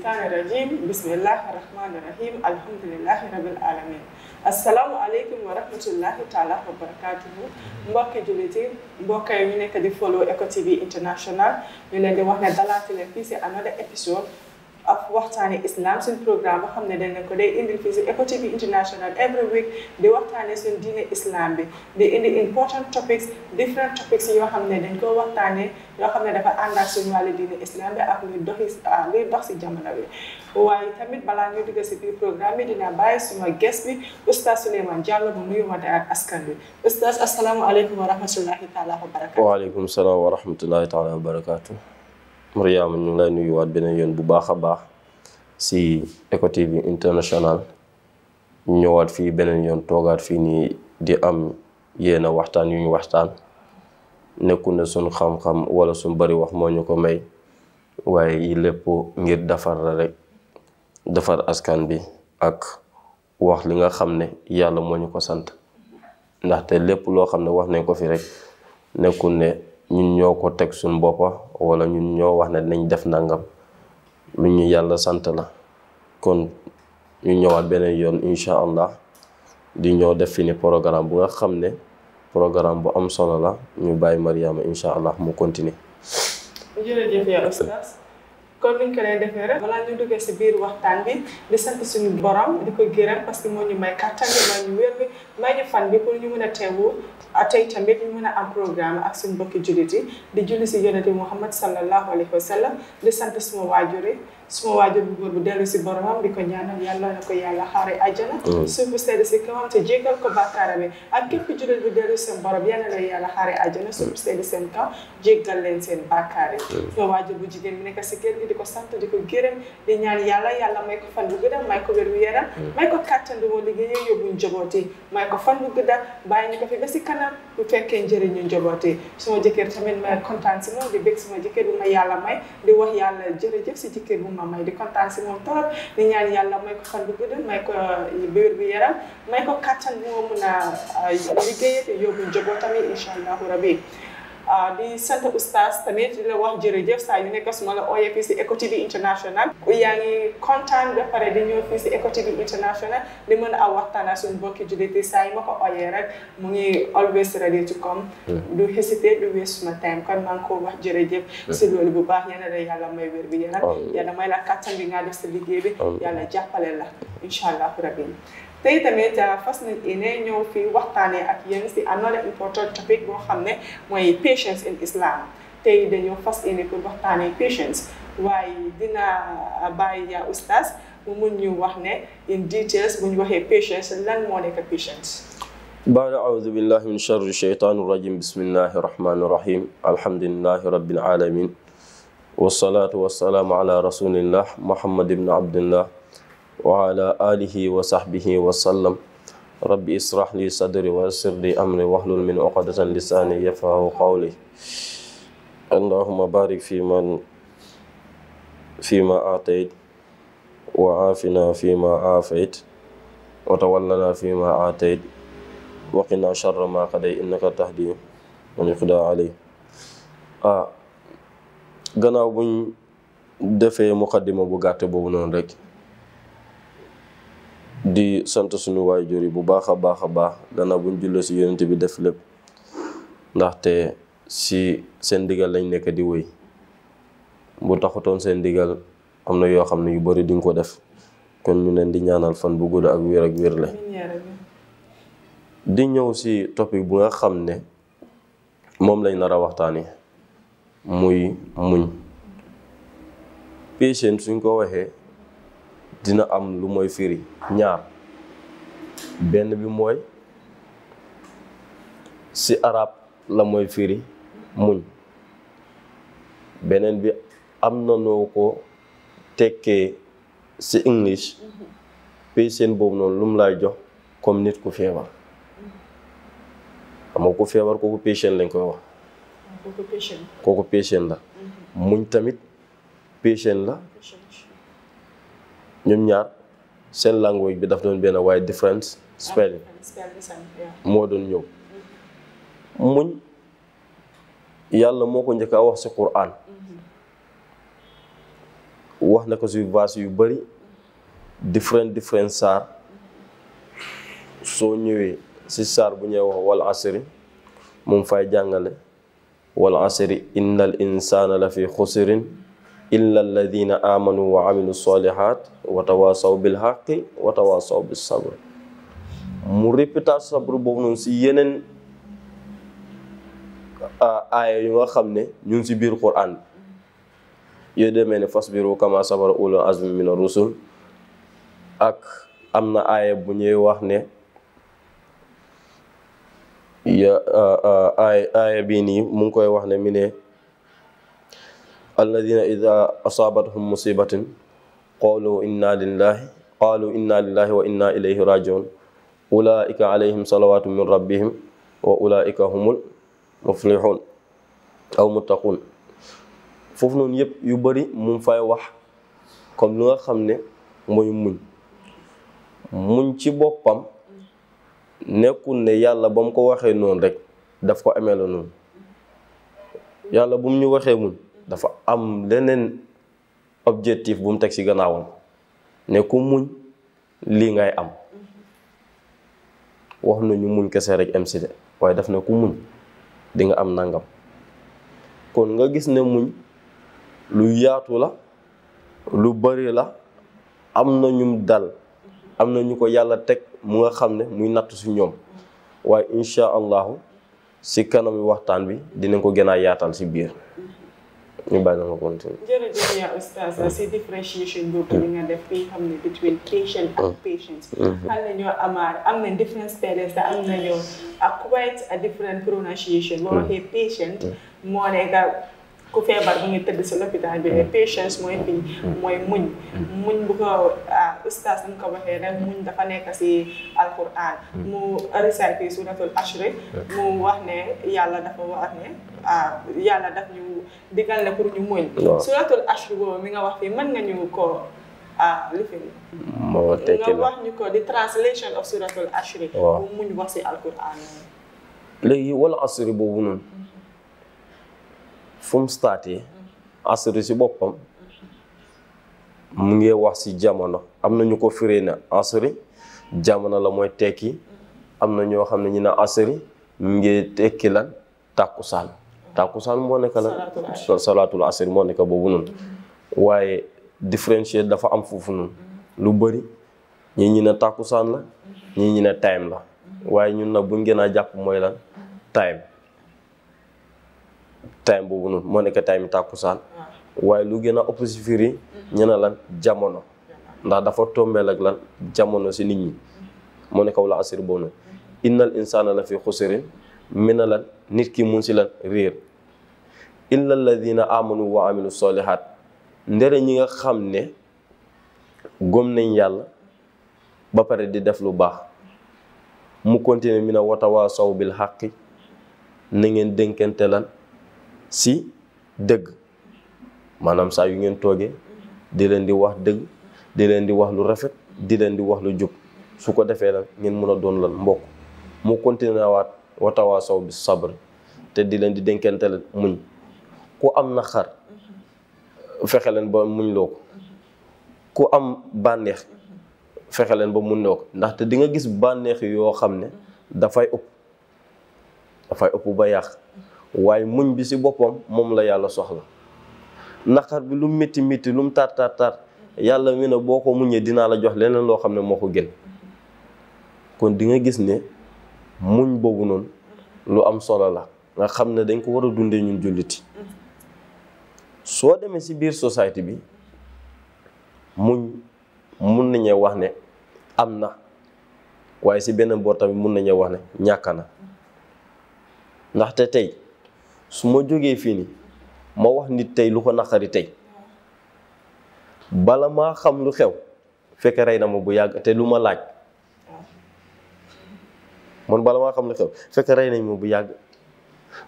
الشيطان الرجيم بسم الله الرحمن الرحيم الحمد لله رب العالمين السلام عليكم ورحمة الله تعالى وبركاته مباك جوليتي مباك يمينك دي فولو إكو تي بي انترناشونال يلي دي وحنا دالاتي لفيسي أنا دي episode af waxtaane islam suñ programme boo xam ne dañ ne ko day indil fii si Eco TV International every week di waxtaane suñ diine islam bi di indi important topics different topics yoo xam ne dañ ko waxtaane yoo xam ne dafa ànd ak suñ wàllu diine islam bi ak luy doxi luy dox si jamono bi waaye tamit balaa ñu dugg si biir programme bi dina bàyyi suma guest bi oustaz Souleymane Diallo mu nuyu wante ak askan bi oustaz asalaamualeykum wa rahmatullahi taala wa barakatu waaleykum salaam wa rahmatullahi taala wa barakatu Mariama ñu ngi lay nuyuwaat beneen yoon bu baax a baax si Eco TV international ñëwaat fii beneen yoon toogaat fii nii di am yenn waxtaan yu ñu waxtaan nekkul ne suñ xam-xam wala suñ bari wax moo ñu ko may waaye yi léppoo ngir defar la rek defar askan bi ak wax li nga xam ne yàlla moo ñu ko sant ndaxte lépp loo xam ne wax nañ ko fi rek nekkul ne. ñun ñoo ko teg suñ boppa wala ñun ñoo wax ne dinañ def nangam lu ñu yàlla sant la kon ñu ñëwaat beneen yoon incha allah di ñëw def fi ni programme bu nga xam ne programme bu am solo la ñu bàyyi Mariama incha allah mu continuer kon niñ ko lay defee rek balaa ñu duggee si biir waxtaan bi di sant suñu borom di ko giiram parce que moo ñu may kattan bi may ñu wér bi may ñu fan bi pour ñu mën a teewu ah, tey tamit ñu mën a am programme ak suñu mbokki jullit yi di julli si yonente Muhammad sallallahu alayhi wa sallam di sant suma waajur yi suma waajur bu góor bu dellu si boromam di ko ñaanal yàlla na ko yàlla xaare àjjana suuf bu sedd si kawam te ko bàkkaara bi ak képp jullit bu dellu yàlla na yàlla xaare àjjana suuf bu sedd seen kaw jéggal leen seen bàkkaar suma waajur bu jigéen bi nekk si kër gi di ko sant di ko gërëm di ñaan yàlla yàlla may ko fan bu gudda may ko wér wu yaram may ko kàttan du moo liggéeyee yóbbu njaboot yi may ko fan bu gudda bàyyi ñu ko fi ba si kanam bu fekkee njëriñu njaboot yi suma jëkkër tamit may kontaan si moom di bég suma jëkkër bu ma yàlla may di wax yàlla ma may di kontaan si moom trop di ñaan yàlla may ko fan bu may ko biir eh, bi yaram may ko kattan bu ma mun a eh, liggéeyee te yóbbu njabootam Ah, di sant oustaz tamit di la wax jërëjëf saa ñu nekk suma la ooyee fii si Eco TV International yaa ngi kontaan ba pare di ñëw fii si Eco TV International di mën a waxtaan suñu mbokki jullit yi saa yu ma ko ooyee ya, rek mu ngi always ready to come hmm. du hésiter du wees suma time kon maa ngi ko wax jërëjëf si loolu bu baax yéen la yàlla may wér bi yéen yàlla may la kattan bi nga def sa liggéey bi yàlla jàppale la incha allah rabbi tey tamit fas yéene ñëw fi waxtaanee ak yéen si another important topic boo xam ne mooy patience in Islam tey dañu fas yéene pour waxtaanee patience waaye dina bàyyi oustaz mu mun ñu wax ne in details bu ñu waxee patience lan moo nekk patience. بعد أعوذ بالله من شر الشيطان الرجيم بسم الله الرحمن الرحيم الحمد لله رب العالمين والصلاة والسلام على رسول الله محمد بن عبد الله wa ala alihi wa sahbihi wa sallam rabbi israh li sadri wa yassir li amri wahlul min uqdatan lisani yafqahu qawli allahumma barik fi man fi ma atayt wa aafina fi ma aafayt wa tawallana fi ma atayt wa qina sharra ma qaday innaka tahdi man yuqda alay ah gannaaw buñ defee muqaddima bu gàtt boobu noonu rek di sant suñu waajur bu baakha baakha baax dana buñ julloo si yoonte bi def ndax té si seen digal lañ nek di wëy bu taxutoon seen digal amna yo yoo yu bari duñ ko def kon ñu leen di ñaanal fan bu gudd ak wër ak wér la ya di ñëw ci topic bu nga xamné ne lañ nara waxtani muy muñ patient suñ ko waxé dina am lu mooy firi ñaar benn bi mooy si arab la mooy firi muñ beneen bi am na noo ko tekkee ci english patient boobu noonu lu mu lay jox comme nit ku feebar amoo ku feebar kooku patient lañ koy wax kooku patient la mm-hmm. muñ tamit patient la ñoom ñaar seen language bi daf doon benn waaye difference spelling moo doon ñëw muñ yàlla moo ko njëkk a wax si Quran wax na ko si verse yu bari different different saar soo ñëwee si saar bu ñuy wax wal asri moom fay jàngale wal asri innal insaana la fi xusirin illa alladina amanu wa amilu salihat wa tawasaw bil haqqi wa tawasaw bis sabr mu répéta sabr boobu noonu si yeneen euh, aaya yu nga xam ne ñu ngi si biir quran bi yooyu demee ne fasbiru kama sabara ulul azmi mina rusul ak am na aaya bu ñuy wax ne euh, euh, aaya bii nii mu ngi koy wax ne mi ne الذين إذا أصابتهم مصيبة قالوا إنا لله قالوا إنا لله وإنا إليه راجعون أولئك عليهم صلوات من ربهم وأولئك هم المفلحون أو متقون فوفنون يب يبري من فاي واح كم لغا خمنا موي من من تبوك بام نكون نيالا بام كو واخي نون رك دفكو أميلو نون يالا بوم نيو واخي مون dafa am leneen objectif bu mu teg ci gannaawam ne ku muñ lii ngay am mm-hmm. wax nañu muñ kese rek am si waaye daf ne ku muñ di nga am nangam kon nga gis ne muñ lu yaatu la lu bari la am na ñum dal am na ñu ko yàlla teg mu nga xam ne muy natt su ñoom mm-hmm. waaye incha allahu ci kanami waxtaan bi dinañ ko gën a yaatal ci biir ñu bàyyi ma continue jërëjëf yaa oustaz mm. si differentiation boobu li nga def fii xam ne between patient ak mm. patients ñoo mm-hmm. amaar am na difference parents am na ñoo ak quite a different pronunciation boo mm. waxee patient moo nekk ku feebar bu ngi tëdd si l'hôpital bi ne mooy fi mooy muñ muñ bu ko ustaas nu mu ko waxee rek muñ dafa nekk si alquran mu récité suratul ashri mu wax ne yàlla dafa wax ne ah yàlla daf ñu digal ne pour ñu muñ. waaw suratul nga wax fii nga ñu ko ah, moo tekki la mu muñ wax si alquran. Mm-hmm. mu ngi wax si jamono am na ñu ko firee na asri jamono la mooy tekki mm-hmm. am na ñoo xam ne ñu ne asri mu ngi tekki lan tàkkusaan tàkkusaan moo nekk la salaatul asr moo nekk boobu noonu waaye différencier dafa am foofu noonu lu bari ñi ñi ne tàkkusaan la ñi ñi ne time la waaye ñun nag buñ gën a jàpp mooy lan time time boobu noonu moo nekk time tàkkusaan ah. waaye lu gën a opposifier yi ñu ne lan jamono ndax dafa tombeel ak la jamono si nit ñi moo nekk wala asir boobu nag innal insaana la fi xusirin mina lan nit ki mun si lan réer illa alladina amanu wa amilu solihaat ndere ñi nga xam ne gom nañ yàlla ba pare di def lu baax mu continuer mi na waa sow bil xaqi na ngeen dénkante lan si dëgg maanaam saa yu ngeen toogee di leen di wax dëgg di leen di wax lu rafet di leen di wax lu jub su ko defee lan ngeen mun a doon lan mbokk mu continuer waat watawasaw bis sabr te di len di denkentel muñ ku am naqar fexe leen ba muñ ku am banex fexe leen ba muñ loo ndax te di nga gis yo xamne da fay upp da fay upp ba yaax waye muñ bi ci bopom mom la yalla soxla naqar bi lu metti metti lu tar tar tar yalla mi na boko ko dina la jox lenen lo xamne moko kon di nga gis ne muñ boobu noonu lu am solo la nga xam ne dañ ko war a dundee ñun julliti soo demee ci biir société bi muñ mun nañu wax ne am na waaye ci benn boor tamit mun nañu wax ne ñàkk na ndaxte tey su ma jógee fii ni ma wax nit tey lu ko naqari tey bala maa xam lu xew fekk rey na ma bu yàgg te lu ma laaj man bala waa xam ne xew fekk rey nañ ma bu yàgg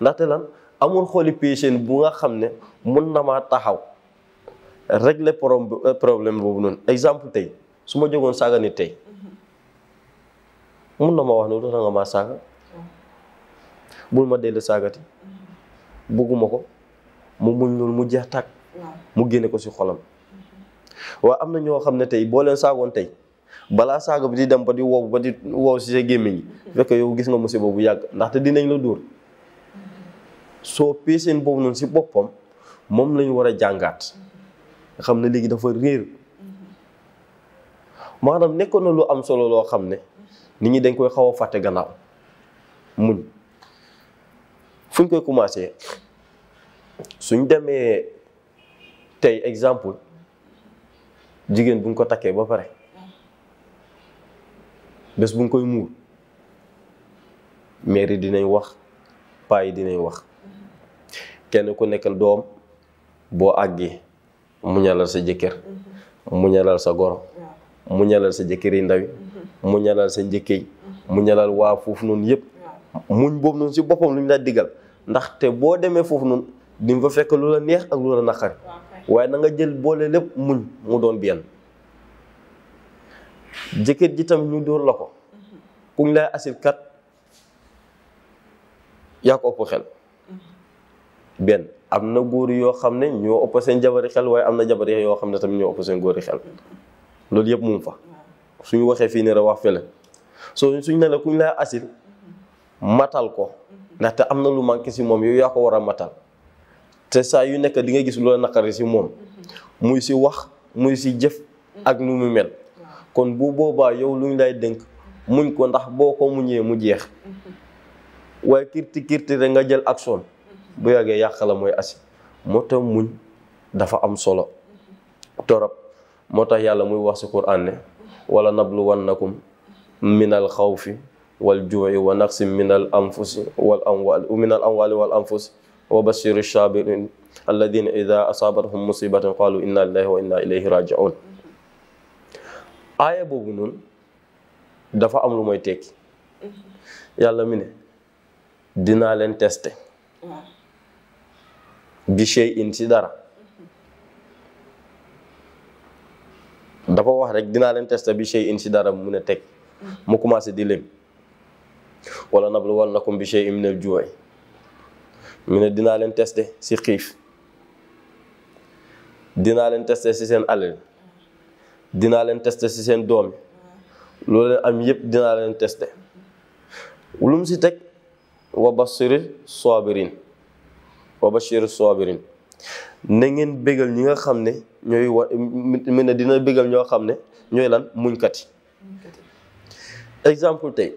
ndaxte lan amul xooli patient bu nga xam ne mun na maa taxaw régler euh, problème boobu noonu exemple tey su ma jógoon saaga nit tey mun na ma wax ne lu tax nga maa saaga bul ma dellu saagati bugguma ko mu muñ loolu mu jeex tàkk mu génne ko si xolam waaw am na ñoo xam ne tey boo leen saagoon tey balaa saaga bi di dem ba di wow ba di wow si sa gémmiñ mm-hmm. fekk yow gis nga musiba bu yàgg ndaxte dinañ la dóor soo peeseen boobu noonu si boppam moom lañu war a jàngaat nga xam ne léegi dafa réer mm-hmm. maanaam nekkoon na lu am solo loo xam ne nit ñi dañ koy xaw a fàtte gannaaw muñ fuñ koy commencé suñ demee tey exemple jigéen buñ ko takkee ba pare bés bu nga koy muur mairie dinañ wax paa yi dinañ wax kenn ku nekkal doom boo àggee muñalal sa jëkkër mhm. muñalal sa goro muñalal sa jëkkër yi ndawi mhm. muñalal sa njëkke yi mhm. muñalal waa foofu noonu yëpp muñ boobu noonu si boppam lu ñu la digal ndaxte boo demee foofu noonu di nga fa fekk lu la neex ak lu la naqari waaye na nga jël boole lépp muñ mu doon benn jëkkër ji tamit ñu dóor la ko ku ñu lay asil kat yaa ko ëpp xel benn am na góor yoo xam ne ñoo ëpp seen jabari xel waaye am na jabar yoo xam ne tamit ñoo ëpp seen góori xel loolu yëpp mu fa suñu waxee fii ne rek wax fële soo suñ ne ku kuñ lay asil matal ko ndaxte am na lu manqué si moom yow yaa ko war a matal te saa yu nekk di nga gis loola naqari si moom muy si wax muy si jëf ak nu mu mel kon bu boobaa yow lu ñu lay dénk muñ ko ndax boo ko muñee mu jeex waaye kirti kirti rek nga jël ak action bu yàggee yàq la mooy asi moo tax muñ dafa am solo torop moo tax yàlla muy wax si Qur'an ne wala nabluwannakum minal xawfi wal ju'i wa naqsin minal anfusi wal amwali minal amwali wal anfusi wa bashiri sabirin alladina ida asaabathum musibatin qalu inna lillahi wa inna ilayhi raji'un aaya boobu noonu dafa am lu mooy tekki yàlla mi ne dinaa leen teste bi shay'in si dara dafa wax rek dinaa leen teste bi shay'in si dara mu ne teg mu commencé di walla la lim wala nabluwannakum bi shay'in ne ju'i mu ne dinaa leen teste si xiif dinaa leen teste si seen alal dinaa leen tester ci seen doom yi loolu leen am yëpp dinaa leen tester lu mu si teg wa bashiri soobrin wa bashiri sabirin na ngeen bégal ñi nga xam ne ñooy wa mi ne dina bégal ñoo xam ne ñooy lan muñkat yi exemple tey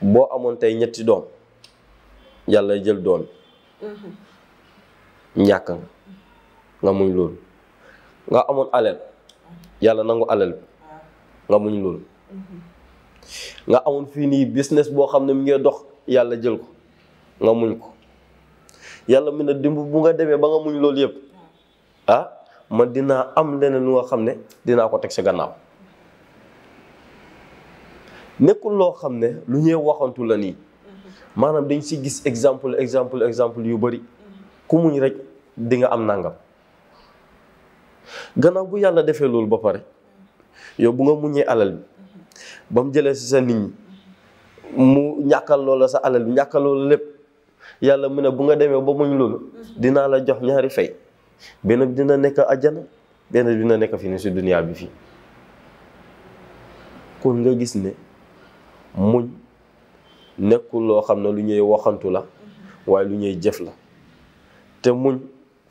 boo amoon tey ñetti doom yàlla jël doom mm-hmm. ñàkk nga nga muñ loolu nga amoon alal yàlla nangu alal bi ah. nga muñ loolu mm-hmm. nga amoon fii nii business boo xam ne mu ngi dox yàlla jël ko nga muñ ko yàlla mun na dimb bu nga demee ba nga muñ loolu yëpp ah. ah man dinaa am leneen lu nga xam ne dinaa ko teg sa gannaaw nekkul loo xam ne lu ñuy waxantu la nii mm-hmm. maanaam dañ si gis exemple exemple exemple yu bari mm-hmm. ku muñ rek di nga am nangam gannaaw bu yàlla defee loolu ba pare yow bu nga muññee alal bi ba mu jëlee si sa nit ñi mu ñàkkal loola sa alal bi ñàkkal loola lépp yàlla mu ne bu nga demee ba muñ loolu dinaa la jox ñaari fay benn bi dina nekk ajjana benn bi dina nekk fi ne si duniyaa bi fii kon nga gis ne muñ nekkul loo xam ne lu ñuy waxantu la waaye lu ñuy jëf la te muñ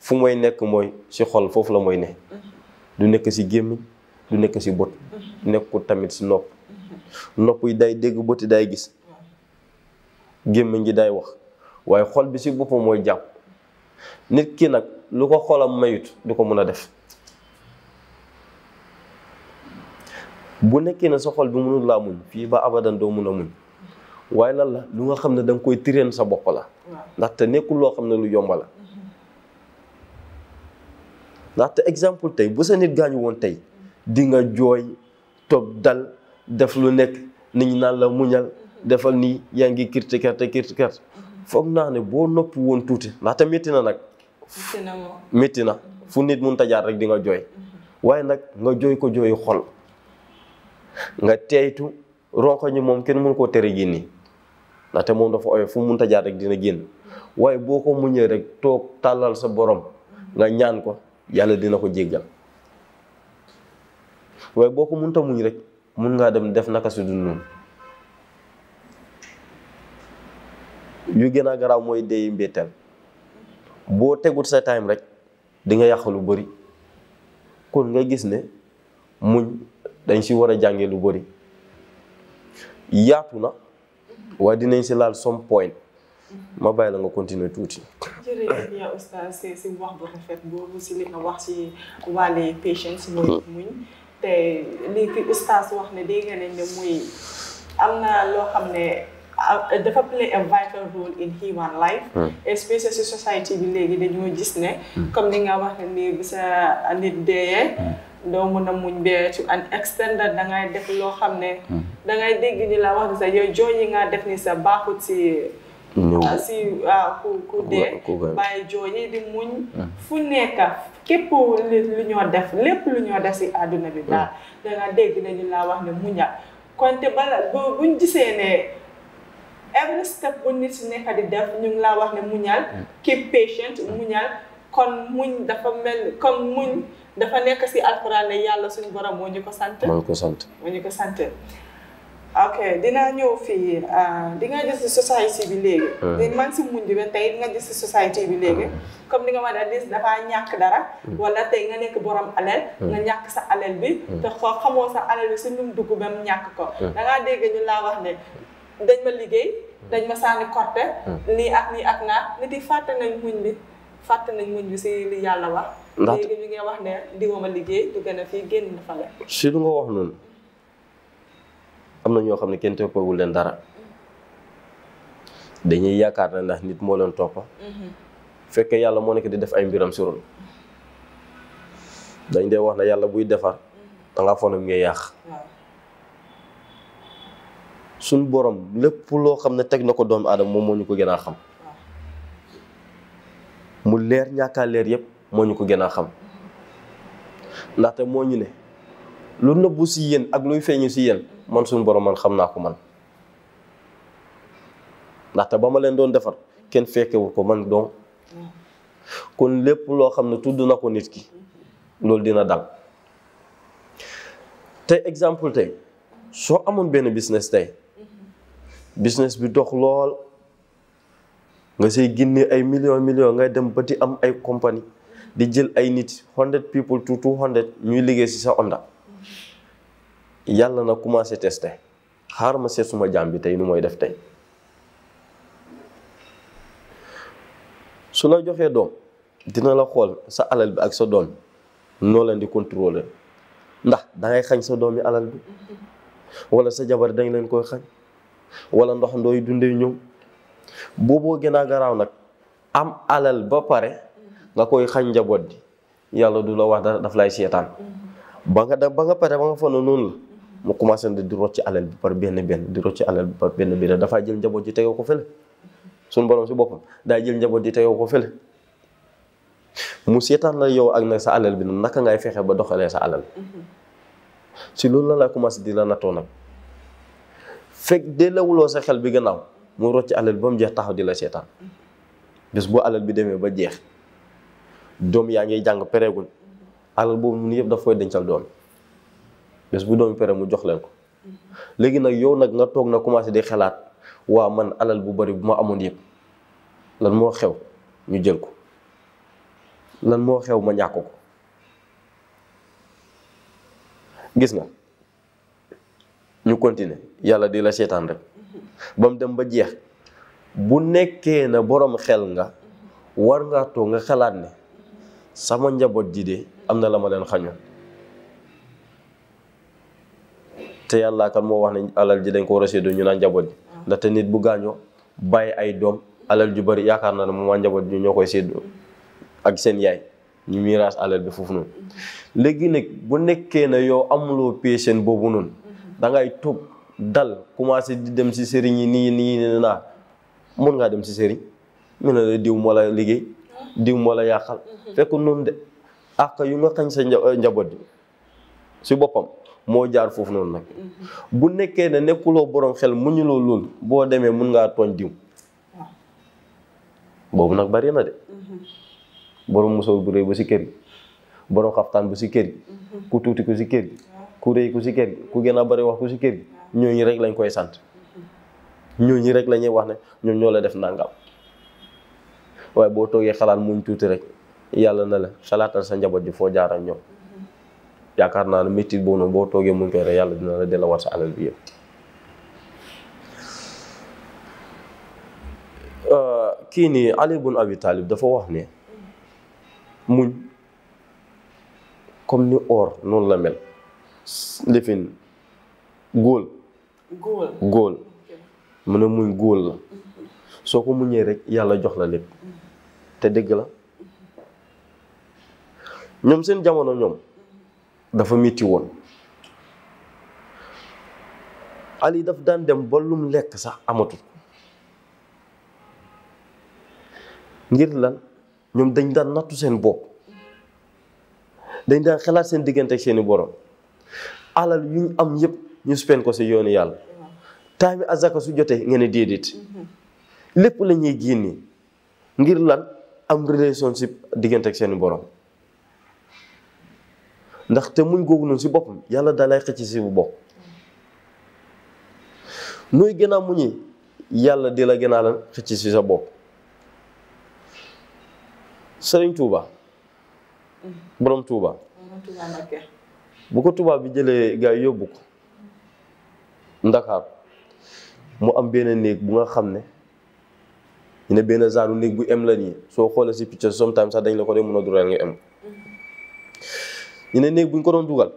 fu mooy nekk mooy si xol foofu la mooy ne du nekk ci gémmiñ du nekk ci bët nekkul tamit ci nopp nopp yi day dégg bëti day gis gémmiñ gi day wax waaye xol bi si boppam mooy jàpp nit ki nag lu ko xolam mayut du ko mën a def bu nekkee ne sa xol bi mënul laa muñ fii ba abadan doo mun a muñ waaye lan la lu nga xam ne danga koy tireen sa bopp la ndaxte nekkul loo xam ne lu yomba la ndaxte exemple tey bu sa nit gaañu woon tey di nga jooy toog dal def lu nekk nit ñi naan la muñal defal nii yaa ngi kirti karte kirti karte foog naa ne boo noppi woon tuuti ndaxte métti na nag métti na fu nit mun tajaat rek di nga jooy waaye nag nga jooy ko jooy xol nga teeytu ronko ñi moom kenn mun koo tere génni ndaxte moom dafa oyof fu mun tajaat rek dina génn waaye boo ko muñee rek toog tàllal sa borom nga ñaan ko yàlla dina ko jéggal waaye boo ko munta muñ rek mun ngaa dem def naka su dul noonu gën a garaaw mooy deyi mbetteel boo tegut sa time rek dinga yàq lu bari kon nga gis ne muñ dañ si war a jànge lu bëri yaatu na waaye dinañ si laal some point ma bàyyi nga continuer tuuti jërëjëf yaa oustaz si si wax bu rafet boobu si li nga wax si wàlli patience mooy mm-hmm. muñ te li fi oustaz wax ne dégg nañ ne muy am na loo xam ne dafa play a vital role in human life mm-hmm. especially si society bi léegi dañoo gis ne mm-hmm. comme ni nga wax ne nii bi sa nit deeyee doo mën a muñ bee to an extent da dangay def loo xam ne dangay dégg ni la wax ni sa yow jooy yi nga def ni sa baaxut si néew ah, si waaw ah, ku bàyyi jooyi di muñ hmm. fu nekk képp lu ñoo def lépp lu ñoo def si àdduna bi daal hmm. danga dégg nañu laa wax ne muña konte bala buñ gisee ne every step bu nit si nekk di def ñu laa wax ne muñal hmm. keep patient muñal kon muñ dafa mel kon muñ dafa nekk si alxuraan yàlla suñu borom moo ñu ko sant moo ñu ko sant moo ñu ko sant ok dinaa ñëw fii ah, di nga gis si société bi léegi. léegi ah. man si mujj ba tey di nga gis si société bi léegi. Ah. comme ni nga ma di dafa ñàkk dara. Hmm. wala tey nga nekk borom alal. Hmm. nga ñàkk sa alal bi. Hmm. te xoo xamoo sa alal bi si nu mu dugg ba ñàkk ko. da ngaa dégg ñu laa wax ne dañ ma liggéey dañ ma sànni korte. nii ak nii ak naa nit yi fàtte nañ muñ bi fàtte nañ muñ bi si li yàlla wax. ndax léegi ñu ngi wax ne di ma liggéey du gën a fii génn na fa la. si lu nga wax am na ñoo xam ne kenn toppawul leen dara dañuy yaakaar na ndax nit moo leen toppa mm-hmm. fekkee yàlla moo nekk di def ay mbiram surul dañ dee wax na yàlla buy defar mm-hmm. danga fonam ngay yàq suñ borom lépp loo xam ne teg na ko doomu aadama moom moo ñu ko gën a xam mu leer ñàkkaa leer yëpp moo ñu ko gën a xam mm-hmm. ndaxte moo ñu ne lu nëbbu si yéen ak luy feeñu si yéen man suñu borom man xamna ko man ndax ta bama len doon ken fekke wu ko man doon kon lepp lo xamne tuddu nako example nit ki lol dina dal tey example tey so amone ben business tay business bi dox lol nga sey génne ay millions millions ngay dem ba am ay company. di jël ay nit hundred people to two hundred ñuy liggé ci sa onda yàlla na commencé testé xaar ma seet suma jaam bi tey nu mooy def tey su la joxee doom dina la xool sa alal bi ak sa doom noo leen di contrôler ndax dangay xañ sa doom yi alal bi wala sa jabar dañ leen koy xañ wala ndox ndooy dundee ñëw booboo gën a garaaw nag am alal ba pare nga koy xañ njaboot bi yàlla du la wax dara daf lay seetaan noonu la mu commencé na di ci alal bi par benn benn di ci alal bi par benn benn dafaa jël njaboot ji tegoo ko fële suñu borom si boppam daa jël njaboot yi tegoo ko fële mu seetaan la yow ak nag sa alal bi nag naka ngay fexe ba doxalee sa alal si loolu la la commencé di la nattoo nag fekk dee lawuloo sa xel bi gannaaw mu rocci alal bi ba mu jeex taxaw di la seetaan bés boo alal bi demee ba jeex doom yaa ngi jàng pereegul alal boobu ñun yëpp dencal doom bes bu doomi pere mu jox len ko legui nak yow nak nga tok na commencé di wa man alal bu bari bu ma amoon yëpp lan mo xew ñu jël ko lan mo xew ma ñàkk ko gis nga ñu continue yalla di la setan rek bam dem ba jeex bu nekké na borom xel nga war nga to nga xalat ne sama njabot di de am na la ma te yàlla kan moo wax ne alal ji dañ ko war a séddoo ñu naan njaboot ji mm. ndaxte nit bu gaañoo bàyyi ay doom alal ju bari yaakaar na ne moom a njaboot ji ñoo koy séddoo ak seen yaay ñu miraas alal bi foofu noonu mm. léegi nag bu nekkee na yow amuloo seen boobu noonu mm-hmm. da ngay toog dal commencé di dem si sëriñ yi nii nii naa mun ngaa dem si sëriñ mu ne diw moo la liggéey diw moo la yàqal mm-hmm. fekk noonu de ak yu nga xañ sa njaboot ji si boppam moo jaar foofu noonu nag bu nekkee ne nekkuloo boroom xel mu ñu loo boo demee mun ngaa tooñ diw boobu nag bari na de mm-hmm. borom musoor bu rëy ba si kër gi borom xaftaan bu si kër gi mm-hmm. ku tuuti ku si kër gi ku rëy ku si kër gi ku gën a bari wax ku si kër gi ñooñu rek lañ koy sant mm-hmm. ñooñu rek la wax ne ñoom ñoo la def nangam waaye boo toogee xalaat muñ tuuti rek yàlla na la xalaatal sa njaboot ji foo jaar ak ñoom. yaakaar naa ne métti boobu noonu boo toogee muñ koy rek yàlla dina la delluwaat sa alal bi yëpp. Euh, kii nii Ali bun Abi Talib dafa wax ne muñ comme ni or noonu la mel lifin góol góol mu ne muñ góol la soo ko muñee rek yàlla jox la lépp te dëgg la mm-hmm. ñoom seen jamono ñoom dafa mitti woon yi daf daan dem ba lum lekk sax amatul ngir lan ñoom dañ daan nattu seen bopp dañ daan xalaat seen diggante ak seeni borom alal yu am yëpp ñu spend ko si yoonu yàlla taami azaka su jotee ngeen ne déedéet lépp lañuy ñuy ngir lan am relationship diggante ak seeni borom ndaxte mu googu noonu si boppam yàlla daa lay xëcc si bu bokk nooy gënaa a muñee yàlla di la gën a la xëcc si sa bopp Sëriñ Tuuba borom Tuuba bu ko Tuuba bi jëlee gaa yi yóbbu ko Ndakaar mu am benn néeg bu nga xam ne ñu ne benn zaaru néeg bu em la nii soo xoolee si picture sometimes sax dañ la ko dee mën a dural nga em ñu ne néeg bu ñu ko doon dugal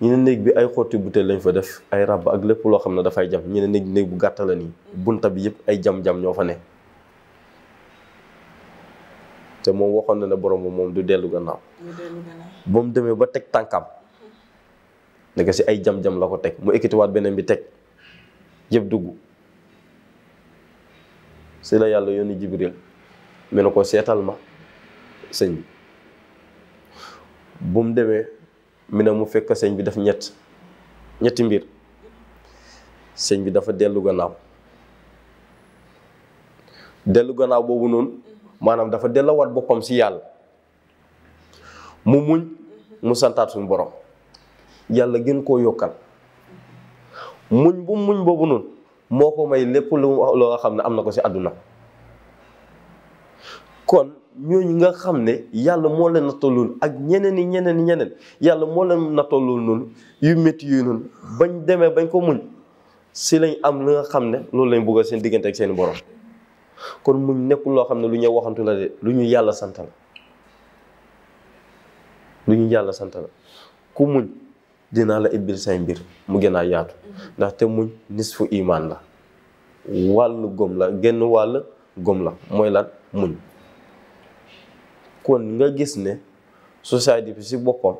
ñu ne néeg bi ay xotti butéel lañ fa def ay ràbb ak lépp loo xam ne dafay jam ñu ne néeg néeg bu gàtt nii bunta bi yëpp ay jam-jam ñoo fa ne te moom waxoon na ne borom moom du dellu gannaaw ba mu demee ba teg tànkam nekk si ay jam-jam la ko teg mu ekkitiwaat beneen bi teg yëpp dugg si la yàlla yónni Jibril mel ne ko seetal ma sëñ bi bu mu demee mi ne mu fekk sëñ bi def ñett ñetti mbir sëñ bi dafa dellu gannaaw dellu gannaaw boobu noonu maanaam dafa delluwaat boppam si yàlla mu muñ mu santaat suñu borom yàlla gën koo yokkal muñ bu muñ boobu noonu moo ko may lépp lu loo xam ne am na ko si àdduna kon ñooñu nga xam ne yàlla moo leen nattoo ak ñeneen i ñeneen ñeneen yàlla moo leen nattoo loolu yu metti yooyu noonu bañ demee bañ ko muñ si lañ am la nga xam ne loolu lañ bëgg seen diggante ak seen borom kon muñ nekkul loo xam ne lu ñu waxantu la de lu ñu yàlla sant lu ñu yàlla sant la ku muñ dinaa la ibbil say mbir mu gën a yaatu ndaxte muñ nisfu imaan la wàll gom la genn wàll gom la mooy lan muñ kon nga gis ne société bi si boppam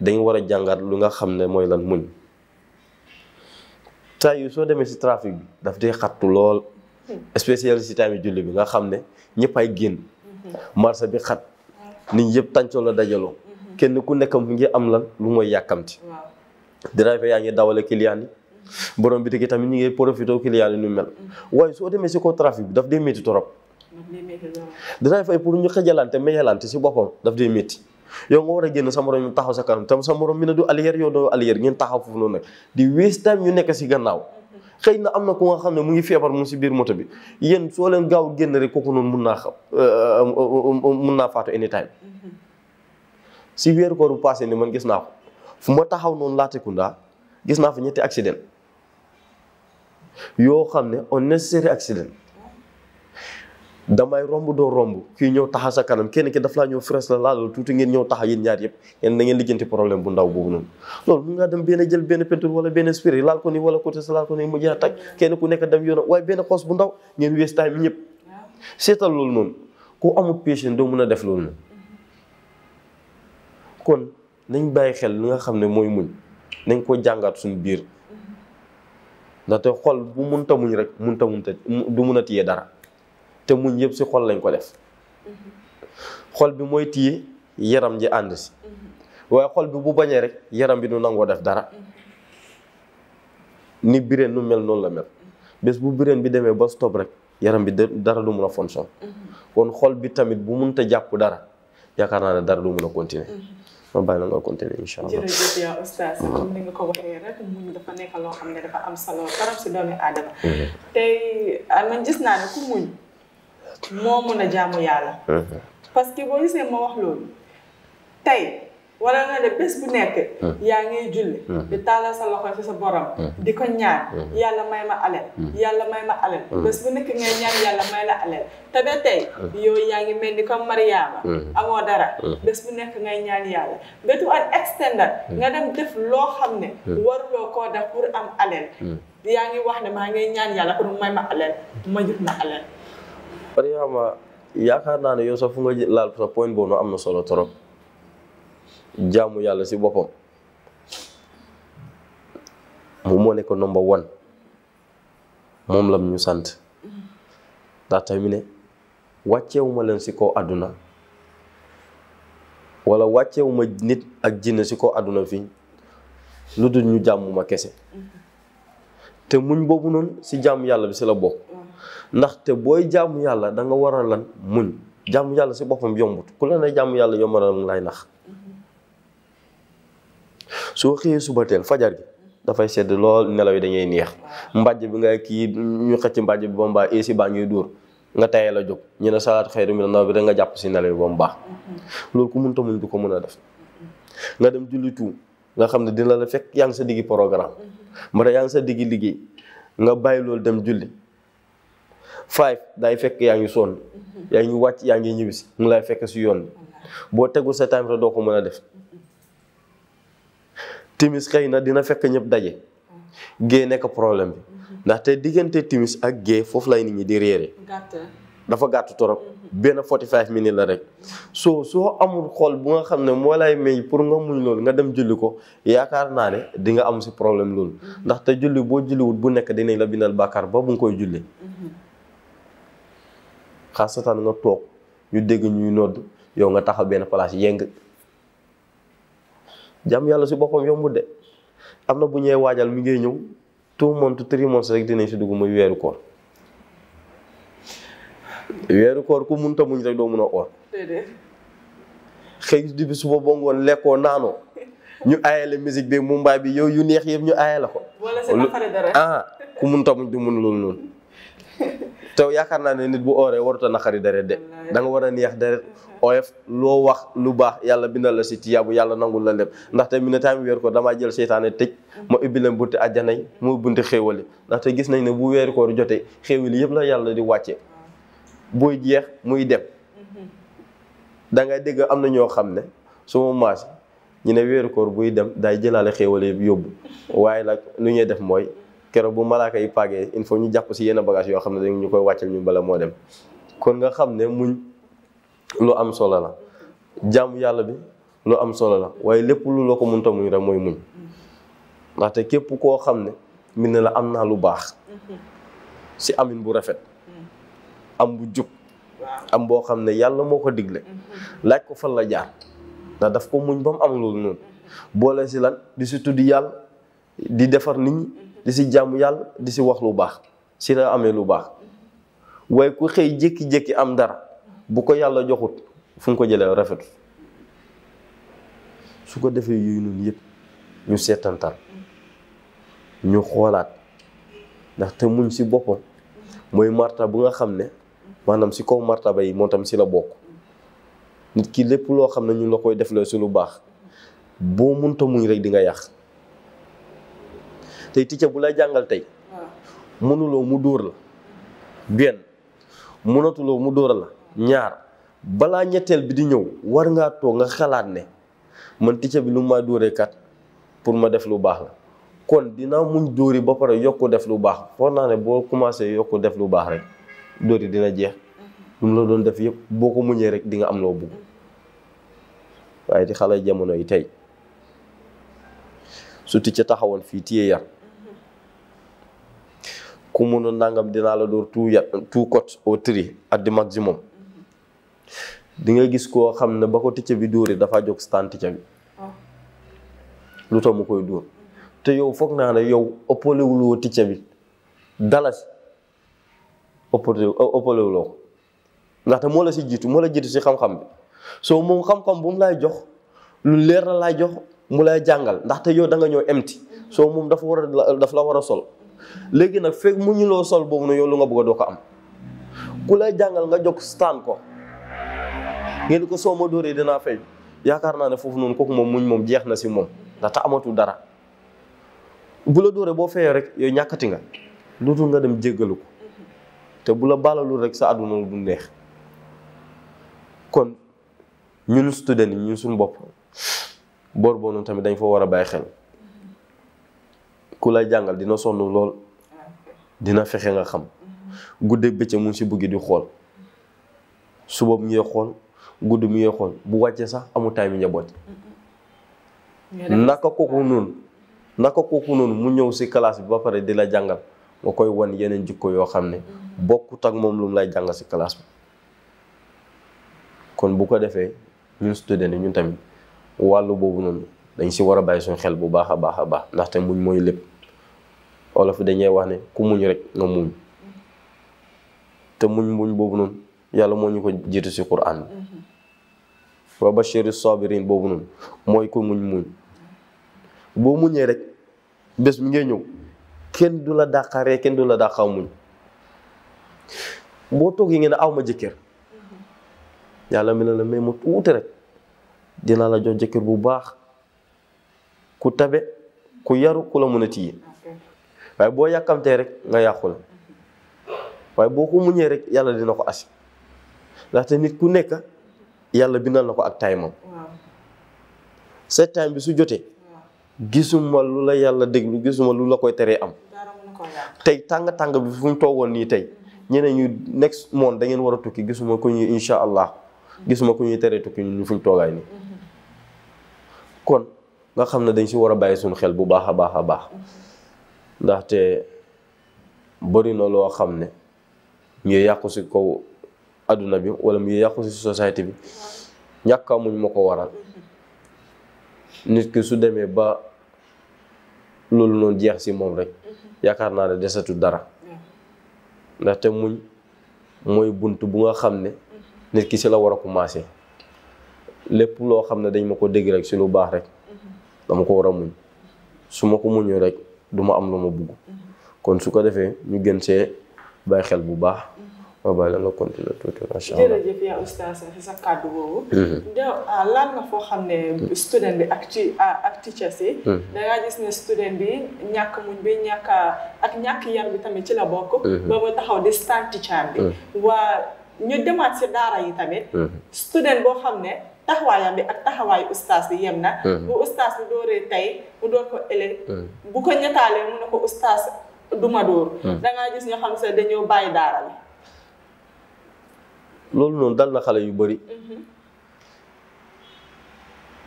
dañ war a jàngat lu nga xam ne mooy lan muñ saa yu soo demee si trafic bi daf dee xattu lool spécial si time julli bi nga xam ne ñëpp ay génn marché bi xat nit yëpp tàncoo la dajaloo kenn ku nekk mu ngi am lan lu mooy yàkkamti driver yaa ngi dawale client yi borom bi tigi tamit ñu ngi profité client nu mel mm-hmm. waaye soo demee si ko trafic bi daf dee métti torop dinaa ay pour ñu xëjalante meñalante si boppam daf dee métti yow nga war a génn sa morom ñu taxaw sa kanam tam sa morom mi ne du aliyar yow doo aliyar ngeen taxaw foofu noonu nag di waste time ñu nekk si gannaaw xëy na am na ku nga xam ne mu ngi feebar mu si biir moto bi yéen soo leen gaaw génn rek kooku noonu mun naa xam euh, naa faatu anytime si weeru koor bu ni man gis naa ko fu ma taxaw noonu Latrikunda gis naa fi ñetti accident yoo xam ne unnecessary damay rombu do rombu ki ñew taxa sa kanam kene ki daf la ñew fresh la laalal tuti ngeen ñew taxa yeen ñaar yeb yéen na ngeen lijjanti problème bu ndaw boobu noonu lool mu nga dem benn jël benn peinture wala benn spray laal ko ni wala côté sa ko ni mu jeex tak kene ku nekk dem yoon way benn xoss bu ndaw ngeen waste time ñep sétal lool non ku amu patient do mëna def lool kon nañ bay xel li nga xamne ne muñ nañ ko jangat suñ biir mm-hmm. tay xol bu munta muñ rek muñ ta du dara te muñ yëpp si xol lañ ko def xol bi mooy téye yaram ji ànd si waaye xol bi bu bañee rek yaram bi du nangoo def dara ni biréen nu mel noonu la mel bés bu biréen bi demee ba stop rek yaram bi dara du mun a fonction kon xol bi tamit bu te jàpp dara yaakaar naa ne dara du mun a continuer ma bàyyi la continuer incha allah mm-hmm. mm-hmm. tey ah, man gis naa ne ku muñ moo mun a jàmm yàlla. Uh-huh. parce que boo gisee ma wax loolu tey wala nga ne bés bu nekk. Uh-huh. yaa ngi julli. Uh-huh. di taalal sa loxo ci sa borom. di ko ñaan yàlla may ma alal. yàlla may ma alal. bés bu nekk ngay ñaan yàlla may la alal yow yaa ngi mel ni comme dara. bés bu nekk ngay ñaan yàlla bétu nga dem def loo xam ne. waruloo koo def pour am alal. yaa ngi wax ne maa ngi ñaan yàlla pour may ma alal ma jot ma alal. Mariama yaakaar naa ne yow sax fu nga laal sa point boobu am na solo trop jaamu yàlla si boppam moom moo nekk number moom lam ñu sant ndax tamit ne wàccewuma leen si kaw àdduna wala wàccewuma nit ak jinne si ko àdduna fii lu dul ñu jàmmuma kese mm-hmm. te muñ boobu noonu si jàmm yàlla bi si la bokk te boy jaamu yalla da nga war lan muñ jaamu yalla ci bopam yombut kula la ne jaamu yàlla yomb na mu lay nax soo xiyé suba fajar gi fay sedd lol nelaw yi dañay neex mbàjj bi nga ki ñu xëc mbàjj bi bomba mu baax si baa ñuy nga tayé la jox ñu na salat khairu min naw bi da nga japp ci nelaw yi ba mu baax loolu ku munta muñ du ko mëna def nga dem julitu nga xamne dina la fek yang sa digi programme mbaa yaa sa digi liggéey nga bay lol dem julli five day fekk yaa ngi sonn mhm. yaa ngi wàcc yaa ngi ñibbisi mu lay fekk si yoon bi mhm. boo tegul sa time doo ko mën a def mhm. timis xëy na dina fekk ñëpp daje gée nekk problème bi ndaxte diggante timis ak gée foofu lay nit ñi di réere dafa gàtt torop benn 45 minutes la rek soo soo amul xool bu nga xam ne moo lay may pour nga muñ loolu nga dem julli ko yaakaar naa ne di nga am si problème loolu ndaxte julli boo julliwut bu nekk dinañ la bindal bàkkaar ba bu koy julli xaasatan nga toog ñu dégg ñuy nodd yow nga taxaw benn place yeng jàmm yàlla si boppam yombul de am na bu ñuy waajal mi ngay ñëw two months three months rek dinañ si dugg muy weeru koor weeru koor ku munta muñ rek doo mun a oor xëy di bi suba ba ngoon lekkoo naanoo ñu ayale musique bi mumbaay bi yow yu neex yëpp ñu la ko ah ku munta muñ du mun loolu noonu te yaakaar naa ne nit bu ooree waruta naqari deret de da nga war a neex deret oyof loo wax lu baax yàlla bindal la si ci yàbu yàlla nangu la lépp ndaxte mi ne taami weer ko damaa jël seytaane tëj ma ubbi leen bunti àjjana yi moo bunti xéewali ndaxte gis nañ ne bu weeri jote jotee xéewali yëpp la yàlla di wàcce buy jeex muy dem dangay ngay dégg am na ñoo xam ne suma maas ñu ne weeru koor buy dem daay jëlaale xéewali yëpp yóbbu waaye nag lu ñuy def mooy keroog bu malaaka yi paagee il ñu jàpp si yenn bagage yoo xam ne dañ ñu koy wàccal ñu bala moo dem kon nga xam ne muñ lu am solo la jaamu yàlla bi lu am solo la waaye lépp lu loo ko mënta muñ rek mooy muñ ndaxte képp koo xam ne mën na la am naa lu baax si amin bu rafet am bu jub am boo xam ne yàlla moo ko digle laaj ko fan la jaar ndax daf ko muñ ba mu am loolu noonu mm-hmm. boole si lan di si tudd yàlla di defar nit ñi di si jamm yalla di si wax lu bax ci la amé lu bax way ku xey jekki jekki am dara bu ko yalla joxut fu ko jëlee rafet su ko defee yoy ñun yépp ñu sétantal ñu ndax té muñ si boppam moy marta bu nga xamné manam ci si marta bay mo tam si la bok nit ki lepp lo xamné ñu la koy lo si lu bo muñ to muñ rek di nga tay ticca bu lay jangal tay ah. munulo mu dóor la ben nyar, mu dóor la ñaar bala ñettel bi di ñew war nga to nga xalaat ne man ticca bi lu ma dóoree kat pour ma def lu bax la kon dina muñ ba para yokku def lu bax ne bo commencé yokku def lu bax rek dóori dina jeex dum mm-hmm. la doon def yëpp boko ko rek di nga am lo bugg mm-hmm. waye di xale jamono yi tay su ticca taxawoon fi tiyé yar ku munul nangam dinaa la door tout ya tout cote au tri at di maximum di nga gis koo xam ne ba ko ticca bi dóoree dafa jóg stan ticca bi oh. lu tax mu koy dóor te yow foog naa ne yow ëppalewuloo ticca bi dalasi ëppalewuloo ko ndaxte moo la si jiitu moo la jiitu si xam-xam bi soo moom xam-xam bu mu lay jox lu leer na lay jox mu lay jàngal ndaxte yow da nga ñëw emti soo moom dafa war daf la war a sol léegi nag fekk mu sol boobu na yow lu nga bëgg doo ko am ku la jàngal nga jokk staan ko ngeen ko soo ma dóoree dinaa fay yaakaar naa ne foofu noonu kooku moom muñ moom jeex na si moom ndaxte amatul dara bu la dóoree boo feyee rek yow ñàkkati nga dootul nga dem jéggalu ko te bu la baalalul rek sa àdduna du neex kon ñun student yi ñun suñu bopp boor boo noonu tamit dañ foo war a bàyyi xel ku lay jàngal dina sonn lool dina fexe nga xam guddeeg bëccëg mu ngi si buggi di xool suba mu ngi xool guddi mu ngi xool bu wàccee sax amul time yi njaboot mm-hmm. naka kooku noonu mu ñëw si classe ba pare di la jàngal nga koy wan yeneen jikko yoo xam ne mm-hmm. bokkut ak moom lu mu lay jàngal si kalaas bi kon bu ko defee ñun student ñun tamit wàll boobu noonu dañ si war a bàyyi suñu xel bu baax a baax a baax ndaxte muñ mooy lépp olof dañuy wax ne ku muñ rek nga muñ te muñ muñ boobu noonu yàlla moo ñu ko jiitu si Qur'an wa bashiri sabirin boobu noonu mooy ku muñ muñ boo muñee rek bés mi ngay ñëw kenn du la dàqaree kenn du la dàqa muñ boo toogee ngeen aw ma jëkkër yàlla mi ne la may ma tuuti rek dinaa la jox jëkkër bu baax ku tabe ku yaru ku la mën a tiye waaye boo yàkkamtee rek nga yàqu la waaye boo ko muñee rek yàlla dina ko asi ndaxte nit ku nekk yàlla bindal na ko ak time am sa time bi su jotee gisuma lu la yàlla déglu gisuma lu la koy teree am tey tàng-tàng bi fu mu toogoon nii tey mm-hmm. ñeneen ñu next month da ngeen war a tukki gisuma ko ñuy insha allah mm-hmm. gisuma ku ñuy teree tukki ñu fuñ toogaay nii mm-hmm. kon nga xam ne dañ si war a bàyyi suñu xel bu baax a baax a baax ndaxte bëri na loo xam ne ñu yàqu si kaw adduna bi wala mu yàqu si société bi ñàkk a muñ ma ko waral nit ki su demee ba loolu noonu jeex si moom rek yaakaar naa ne desatu dara ndaxte muñ mooy bunt bu nga xam ne nit ki si la war a commencé lépp loo xam ne dañ ma ko dégg rek si lu baax rek dama ko war a muñ su ma ko muñu rek du ma am lu ma bugg kon su ko defee ñu gën see bàyyi xel bu baax ma bàyyi la nga continuer tuuti macha allah jërëjëf yaa mm-hmm. ah, laal na foo xam ne mm-hmm. student bi ak ci ah, ak teachers yi mm-hmm. dangaa gis ne student bi ñàkk muñ bi ñàkk ak ñàkk yar bi tamit ci la bokk ba taxaw di stand teacher bi waa ñu demaat si daara yi tamit student boo xam ne taxawayam bi ak taxawaayu oustaz bi yem na. Hmm. bu oustaz bi doore tey bu door ko ëllëg. Hmm. bu ko ñettaalee mu ne ko du ma door hmm. da ngaa gis ñoo xam sa dañoo bàyyi daara bi. loolu dal na xale yu bari. Mhm.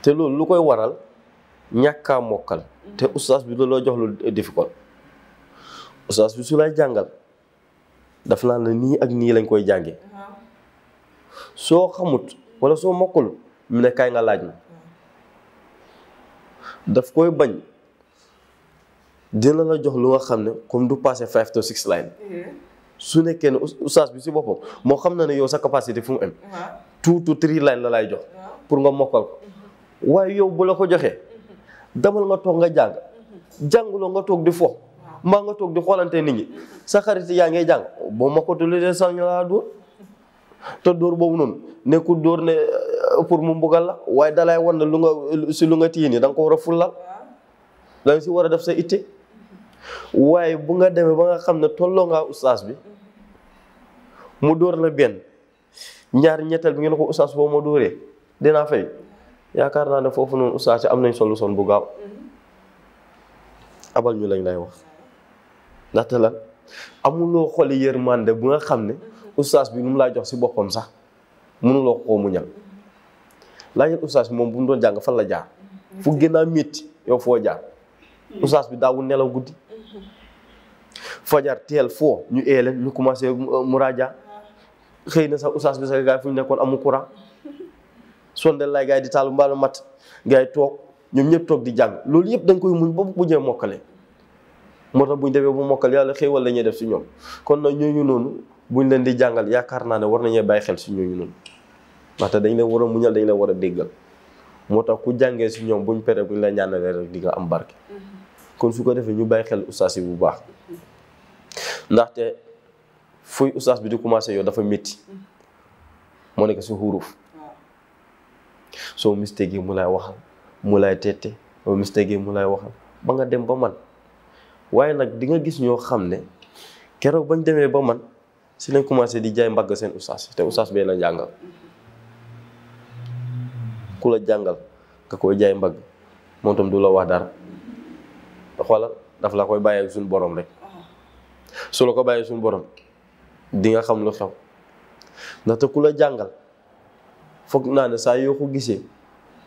te loolu lu koy waral ñàkkaa mokal, mhm. te oustaz bi looloo jox lu difficult. oustaz bi su lay jàngal daf naan la nii ak nii lañ koy jànge soo xamut wala soo mokkalut mu ne kaay nga laaj ma daf koy bañ dina la jox lu nga xam ne comme du passé five to six line mm-hmm. su nekkee ne oustaz bi si boppam moo xam na ne yow sa capacité fu mu am two to three line la lay jox pour nga mokkal ko mm-hmm. waaye yow bu la ko joxee mm-hmm. damal nga toog nga jàng jànguloo nga toog di fo mbaa nga toog di xoolantee nit ñi sa xarit yaa ngay jàng boo mokkatul de sañ laa doon te dóor boobu noonu nekkul dóor ne euh, pour mu mbugal la waaye dalay wan na lu nga si lu nga tiini da nga ko war a fullal da si war a def sa itte waaye bu nga demee ba nga xam ne tolloo nga ustaas bi mu dóor la benn ñaar ñetteel bi ngeen ko ustaas boobu ma dóoree dinaa fay yaakaar naa ne foofu noonu ustaas yi am nañ soon bu gaaw abal ñu lañ lay wax ndaxte lan amuloo xoli yërmande bu nga xam ne ustaas bi nu mu laa jox si boppam sax mënuloo koo muñal laajal ustaas bi moom bu mu doon jàng fan la jaar fu gën a métti yow foo jaar ustaas bi daawul nelaw guddi fajar teel foo ñu eele ñu commencé muraaja xëy na sax ustaas bi sax gaay fu ñu nekkoon amul courant sondel laay gaay di taal mbaalu mat gaay toog ñoom ñëpp toog di jàng loolu yëpp dañ koy muñ ba bu jee mokkale moo tax bu ñu defee bu mokkal yàlla xéewal la ñuy def si ñoom kon buñ leen di jàngal yaakaar naa ne war nañu bàyyi xel si ñooñu noonu ndaxte dañ la war a muñal dañ la war a déggal moo tax ku jàngee si ñoom buñ pere buñ la ñaanalee rek di nga am barke mm-hmm. kon su ko defee ñu bàyyi xel ustaas yi bu baax mm-hmm. ndaxte fuy ustaas bi di commencé yow dafa métti mm-hmm. moo nekk si xuruuf soo mistake yi mu lay waxal mu lay tette soo mistake yi mu lay waxal ba nga dem ba man waaye nag di nga gis ñoo xam ne keroog bañ demee ba man si lañ commencé di jay mbag sen oustaz te oustaz bee la Kula ku la jàngal nga koy jay mbag montom tam la wax dar xola daf la koy baye sun borom rek su la ko sun borom di nga xam lu xew ndaxte ku la jàngal foog naa ne saa ko gisé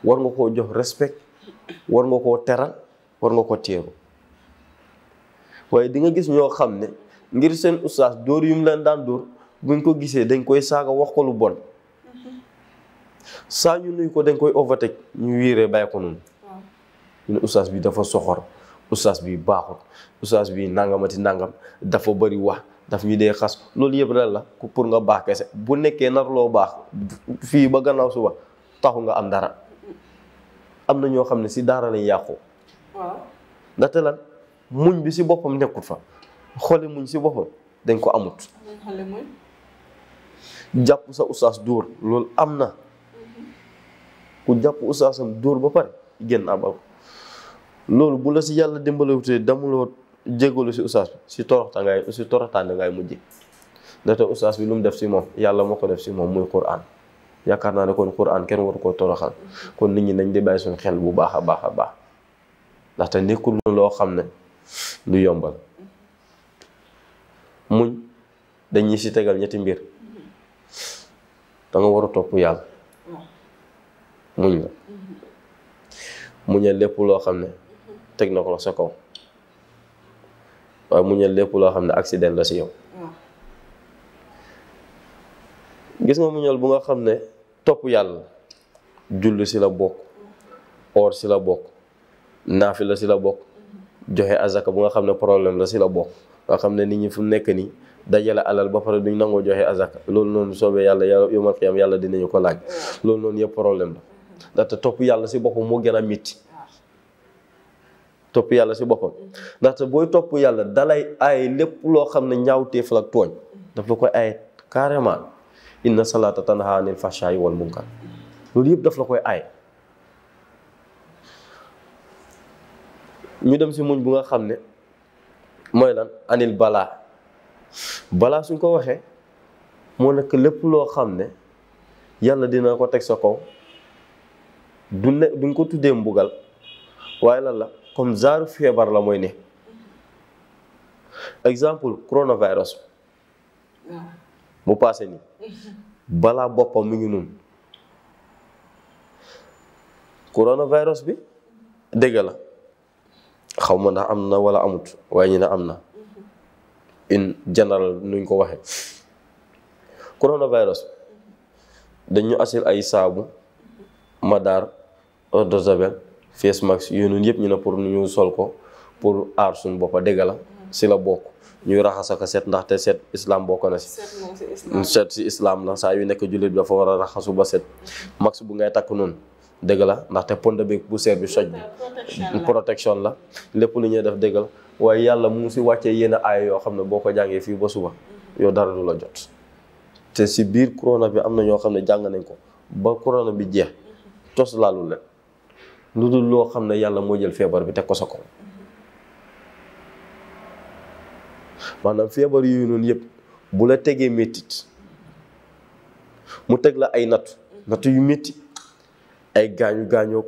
war nga ko jox respect war nga ko téral war nga ko téru waye di nga gis ño xamné ngir seen ustaas dóor yum leen daan dóor buñ ko gisee dañ koy saaga wax ko lu bon saa ñu nuyu ko dañ koy overtake ñu wiiree bàyyi ko noonu ñu ne ustaas bi dafa soxor ustaas bi baaxut ustaas bi nangamati nangam dafa bari wax daf ñu dee xas loolu yëpp lan la pour nga baax kese bu nekkee nar loo baax fii ba gannaaw suba taxu nga am dara am na ñoo xam ne si daara lañ yàqu ndaxte lan muñ bi si boppam nekkul fa xoole muñ si boppam dañ ko amut jàpp sa ustaas dóor loolu am na ku jàpp ustaasam dóor ba pare génn abal ko loolu bu la si yàlla dimbalewutee damuloo jégalu si ustaas si toroxtaan ngay si toroxtaan ngay mujj ndaxte ustaas bi nu mu def si moom yàlla moo ko def si moom muy Qur'an yaakaar naa ne kon Qur'an kenn waru koo toroxal kon nit ñi nañ di bàyyi suñu xel bu baax a baax a baax ndaxte nekkul loo xam ne lu yombal muñ dañuy si tegal ñetti mbir da war a topp yàlla muñ la muñal lépp loo xam ne teg na ko la sa kaw waaye muñal lépp loo xam ne accident la si yow gis nga muñal bu nga xam ne topp yàlla julli si la bokk or si la bokk naafi la si la bokk joxe azaka bu nga xam ne problème la si la bokk nga xam ne nit ñi fu mu nekk nii dajale alal ba pare ñu nangoo joxe azaka loolu noonu soobee yàlla yomal xiyam yàlla dinañu ko laaj loolu noonu yëpp problème la ndaxte topp yàlla si boppam moo gën yàlla si boppam ndaxte booy topp yàlla dalay ay lépp loo xam ne ñaawteef la tooñ daf la koy ay carrément inna salaata tanha anil fahshaa'i wal munkar loolu yëpp daf la koy ay ñu dem si muñ bu nga xam ne mooy lan anil balaa balaa suñ ko waxee moo nekk lépp loo xam ne yàlla dina ko teg sa kaw du ne duñ ko tuddee mbugal waaye lan la comme genre feebar la mooy ne exemple coronavirus mu paase ni balaa boppam mu ngi noonu coronavirus bi dégg la xaw ma ndax am na walla amut waaye ñu ne am na mm-hmm. in général nuñ ko waxee coronavirus mm-hmm. dañu asil ay saabu mm-hmm. madaar eau de javel face mask yooyu noonu yëpp ñu ne pour ñu sol ko pour aar suñu boppa dégg la si la bokk ñuy raxasa ko set ndaxte set islam bokk na si set si islam la saa yu nekk jullit bi dafa war a raxasu ba set max bu ngay takk noonu dëgg la ndaxte ponde bi poussière bi soj bi protection la lépp lu ñuy def dëgg la waaye yàlla mu si wàccee yenn aaya yoo xam ne boo ko jàngee fii ba suba yow dara du la jot te si biir corona bi am na ñoo xam ne jàng nañ ko ba corona bi jeex tos laalu la lu dul loo xam ne yàlla moo jël feebar bi teg ko sa kaw maanaam feebar yooyu noonu yépp bu la tegee méttit mu teg la ay nattu nattu yu métti ay gaañu gaañoog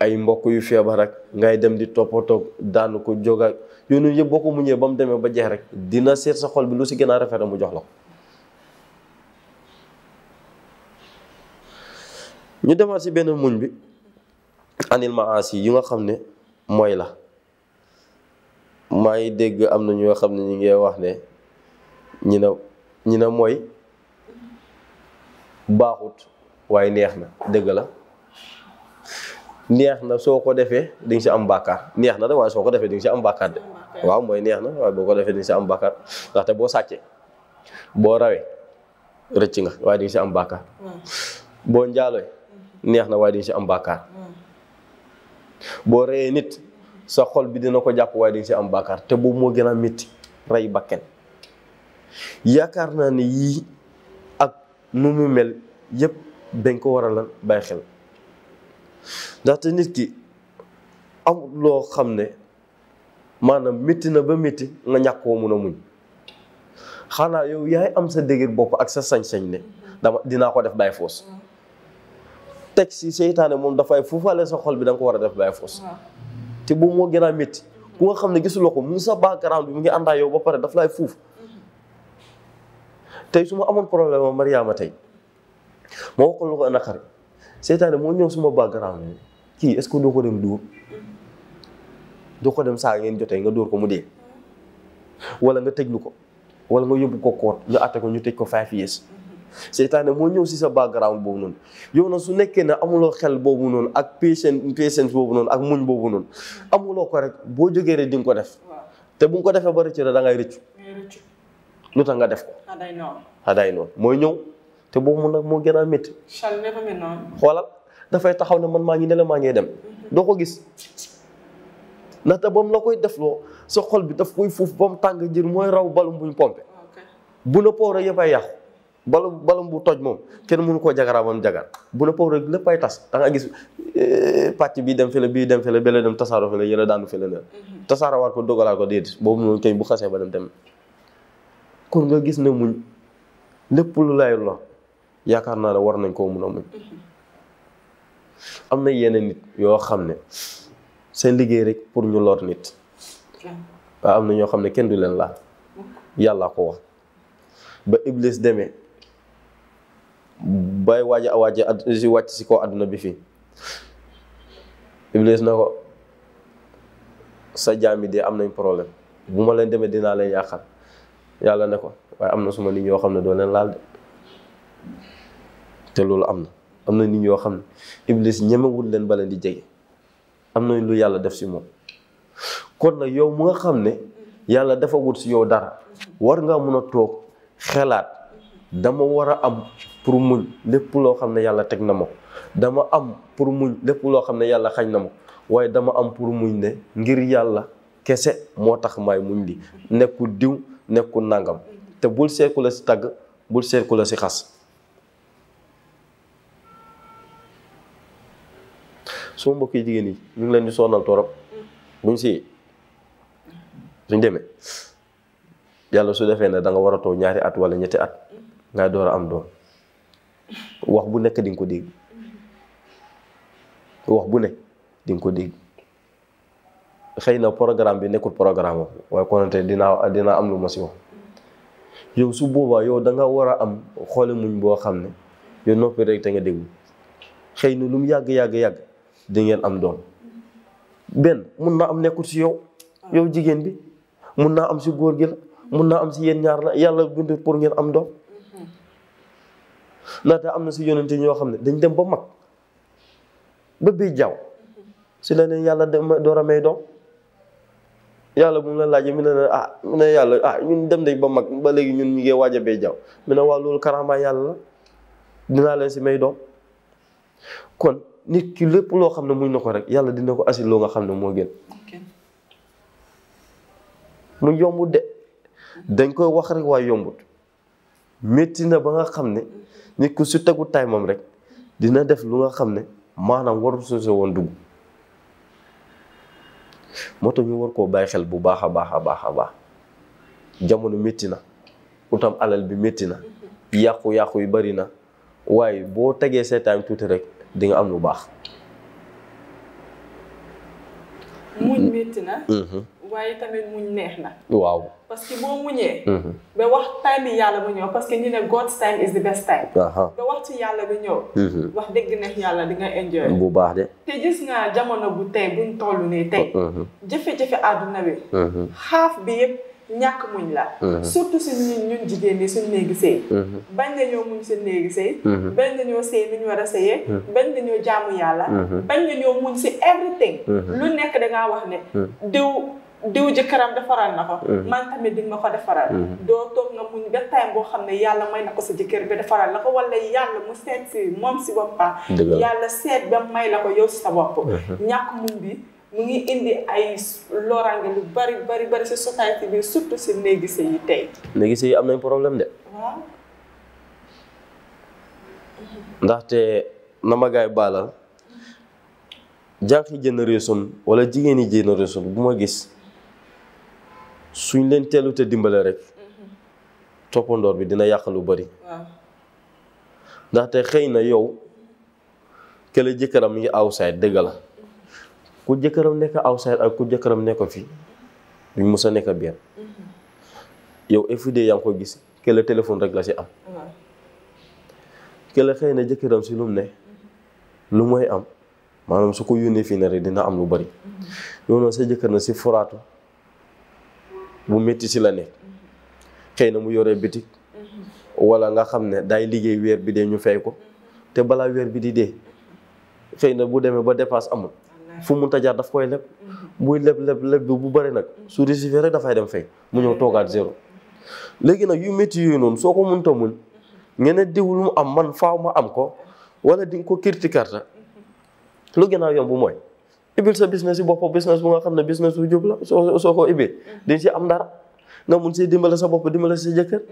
ay mbokk yu feebar ak ngay dem di toppatoo daan ko jóg ak yooyu noonu yëpp boo ko muñee ba mu demee ba jeex rek dina seet sa xol bi lu si gën a rafet mu jox la ko. ñu demaat si benn muñ bi anil maasi yi nga xam ne mooy la maa ngi dégg am na ñoo xam ne ñu ngi wax ne ñi na ñi na mooy baaxut waaye neex na dëgg la. neex na so ko defee ding si am bakkar neex na da wa so ko defee ding si am bakkar wa moy mooy neex na wa bo ko defee ding nga si am bàkkaar ndaxte boo bo boo rawee nga wa ding ci am bakkar bo njaalooy neex na wa ding ci am bakkar bo reyee nit sa xol bi dina ko japp wa ding ci si am bakkar te bo mo gëna metti ray bakken yaakaar naa ak numu mel yépp dañ ko waralan bay xel ndaxte nit ki am loo xam ne maanaam métti na ba metti nga ñàkk koo mun a muñ xanaa yow yaay am sa dégg bopp ak sa sañ-sañ ne dama dinaa ko def by foos teg si seytaane moom dafay fuufaale sa xol bi da war a def by force te bu moo gën a métti xam ne gisuloo ko mu sa background bi mu ngi àndaa yow ba pare daf lay fuuf mm-hmm. tey su ma amoon problème ma Mariama tey ma wax ko lu ko naqari seytaane moo ñëw suma background kii est-ce que doo ko dem dóor doo ko dem saa ngeen jotee nga dóor ko mu dee wala nga tëjlu ko wala nga yóbbu ko koot ñu atte ko ñu tëj ko five years seytaane moo ñëw si sa background boobu noonu yow na su nekkee ne amuloo xel boobu noonu ak patience patience boobu noonu ak muñ boobu noonu amuloo ko rek boo jógee rek di ko def te bu nga ko defee ba rëccu da ngay rëccu lu tax nga def ko mooy ñëw te boobu mun nag moo gën a métti. xoolal dafay taxaw ne man maa ngi ne maa ngee dem. Mhm. doo ko gis ndaxte ba mu la koy defloo sa xol bi daf koy fuuf ba mu tàng jër mooy raw balum ñu pompe. bu na poore yëpp ay yàqu. balum balum bu toj moom kenn mënu koo jagaraa ba mu jagar bu na poore ay tas da nga gis eh, pàcc bii dem fële bii dem fële bële dem tasaaroo fële yële daanu fële na mhm. tasaarawaat ko dogalaat ko déedéet boobu noonu kay bu xasee ba dem dem kon nga gis ne muñ lépp lu lay lor yaakaar naa ne war nañ koo mun a muñ am na yeneen nit yoo xam ne seen liggéey rek pour ñu loot nit waaw am na ñoo xam ne kenn du leen laal yàlla ko wax ba iblis demee bay waaj a waaj si wàcc si ko àdduna bi fii iblis na ko sa jaam yi de am nañ problème bu ma leen demee dinaa leen yàqal yàlla ne ko waaye am na suma nit ñoo xam ne doo leen laal de te loolu am na am na nit yoo xam ne iblis ñemewul leen ba leen di jege am na lu yàlla def si moom kon na yow mu nga xam ne yàlla dafa wut si yow dara war nga mun a toog xelaat dama war a am pour muñ lépp loo xam ne yàlla teg na ma dama am pour muñ lépp loo xam ne yàlla xañ na ma waaye dama am pour muñ ne ngir yàlla kese moo tax may muñ li nekkul diw nekkul nangam te bul seet ku la si tàgg bul seet ku la si xas su mbokk yi jigéen yi ñu ngi leen di sonal torop mm. buñ si suñ demee yàlla su defee ne danga nga war a toog ñaari at wala ñetti at mm. ngay door a am doom wax bu nekk di ko dégg mm-hmm. wax bu ne di nga ko dégg xëy na programme bi nekkul programme waaye konante dinaa dinaa am lu ma si wax mm. yow su boobaa yow da nga war a am xoole muñ boo xam ne yow noppi rek te nga déglu xëy na lu yàgg yàgg yàgg. di ngeen am doom benn mun naa am nekkul si yow yow jigéen bi mun naa am si góor gi la mun naa am si yéen ñaar la yàlla bindu pour ngeen am doom ndaxte mm-hmm. am na si yonente ñoo xam ne dañ dem ba mag ba jaww si la leen yàlla door a may yàlla bu mu la laajee mu ne la ah, ah ñun dem nañ ba mag ba léegi ñun ñu ngi waaj a bee jaww mu ne waa loolu karama yàlla la dinaa leen si may doom nit ki lépp loo xam ne muñ na ko rek yàlla dina ko asil loo nga xam ne moo gën mu yombut de dañ koy wax rek waaye yombut metti na ba nga xam ne nit ku su tegu tay moom rek dina def lu nga xam ne maanaam warul soo soo woon dugg moo tax ñu war koo bàyyi xel bu baax a baax a baax a baax jamono métti na utam alal bi métti na mm-hmm. yàqu-yàqu yi bari na waaye boo tegee seetaan tuuti rek di nga am lu baax. muñ métti na. Mm-hmm. waaye tamit muñ neex na. waaw parce que boo muñee. Mm-hmm. ba wax time yàlla bu ñëw parce que ñu ne God's time is the best time. Uh-huh. ba waxtu yàlla bi ñëw. Mm-hmm. wax dëgg neex yàlla di nga enjoy. bu baax de. te gis nga jamono bu tey buñ toll nii tey. jafe-jafe àdduna bi. xaaf bi ñàkk muñ la mm-hmm. surtout suñ ñun ñun jigéen ñi suñ néegi sëy mm-hmm. bañ nañoo muñ suñ néegi sëy mm-hmm. bañ nañoo sëy ni ñu war a sëyee bañ nañoo jaamu yàlla bañ nañoo muñ si everything lu nekk dangaa wax ne diw diw jëkkëram defaral na ko man tamit di ma ko defaral doo toog nga muñ ba time boo xam ne yàlla may na ko sa jëkkër bi defaral la ko wala yàlla mu seet si moom si boppa yàlla seet ba may la ko yow sa bopp ñàkk muñ bi mu ngi indi ay loraange lu bari bari bari si société bi surtout si néegi sëy yi tey. néegi sëy yi am nañ problème de. ndaxte na ma gaay baalal ah, jànq yi génération wala jigéen yi génération bu ma gis suñ leen teelu te dimbale rek toppandoor bi dina yàq lu bari. ndaxte xëy na yow kële jëkkëram ngi outside dëgg la. bu jëkkëram nekk outside ak ku jëkkëram nekk fii duñ mës a nekk benn mm-hmm. yow every day yaa ngi ko gis kële téléphone rek la si am kële xëy na jëkkëram si lu mu ne mm-hmm. lu mooy am maanaam su ko yónnee fii ne rek dina am lu bari mm-hmm. yow sa jëkkër na si foraatu bu metti si la nekk xëy na mu yoree bitik wala nga xam ne daay liggéey weer bi dee ñu fay ko te balaa weer bi di dee xëy na bu demee ba dépasse amul fu mu mënta jaar daf koy leb buy leb leb leb bi bu bëri nag su recevé rek dafay dem fay mu ñëw toogaat zéro léegi nag yu métti yooyu noonu soo ko mënta mun ngeen diw lu mu am man faaw ma am ko wala di ko kirti karta lu gën a yomb mooy ibil sa business yi bopp business bu nga xam ne business bu jub la soo ko ibil di ci am dara nga mun see dimbale sa bopp dimbale sa jëkkër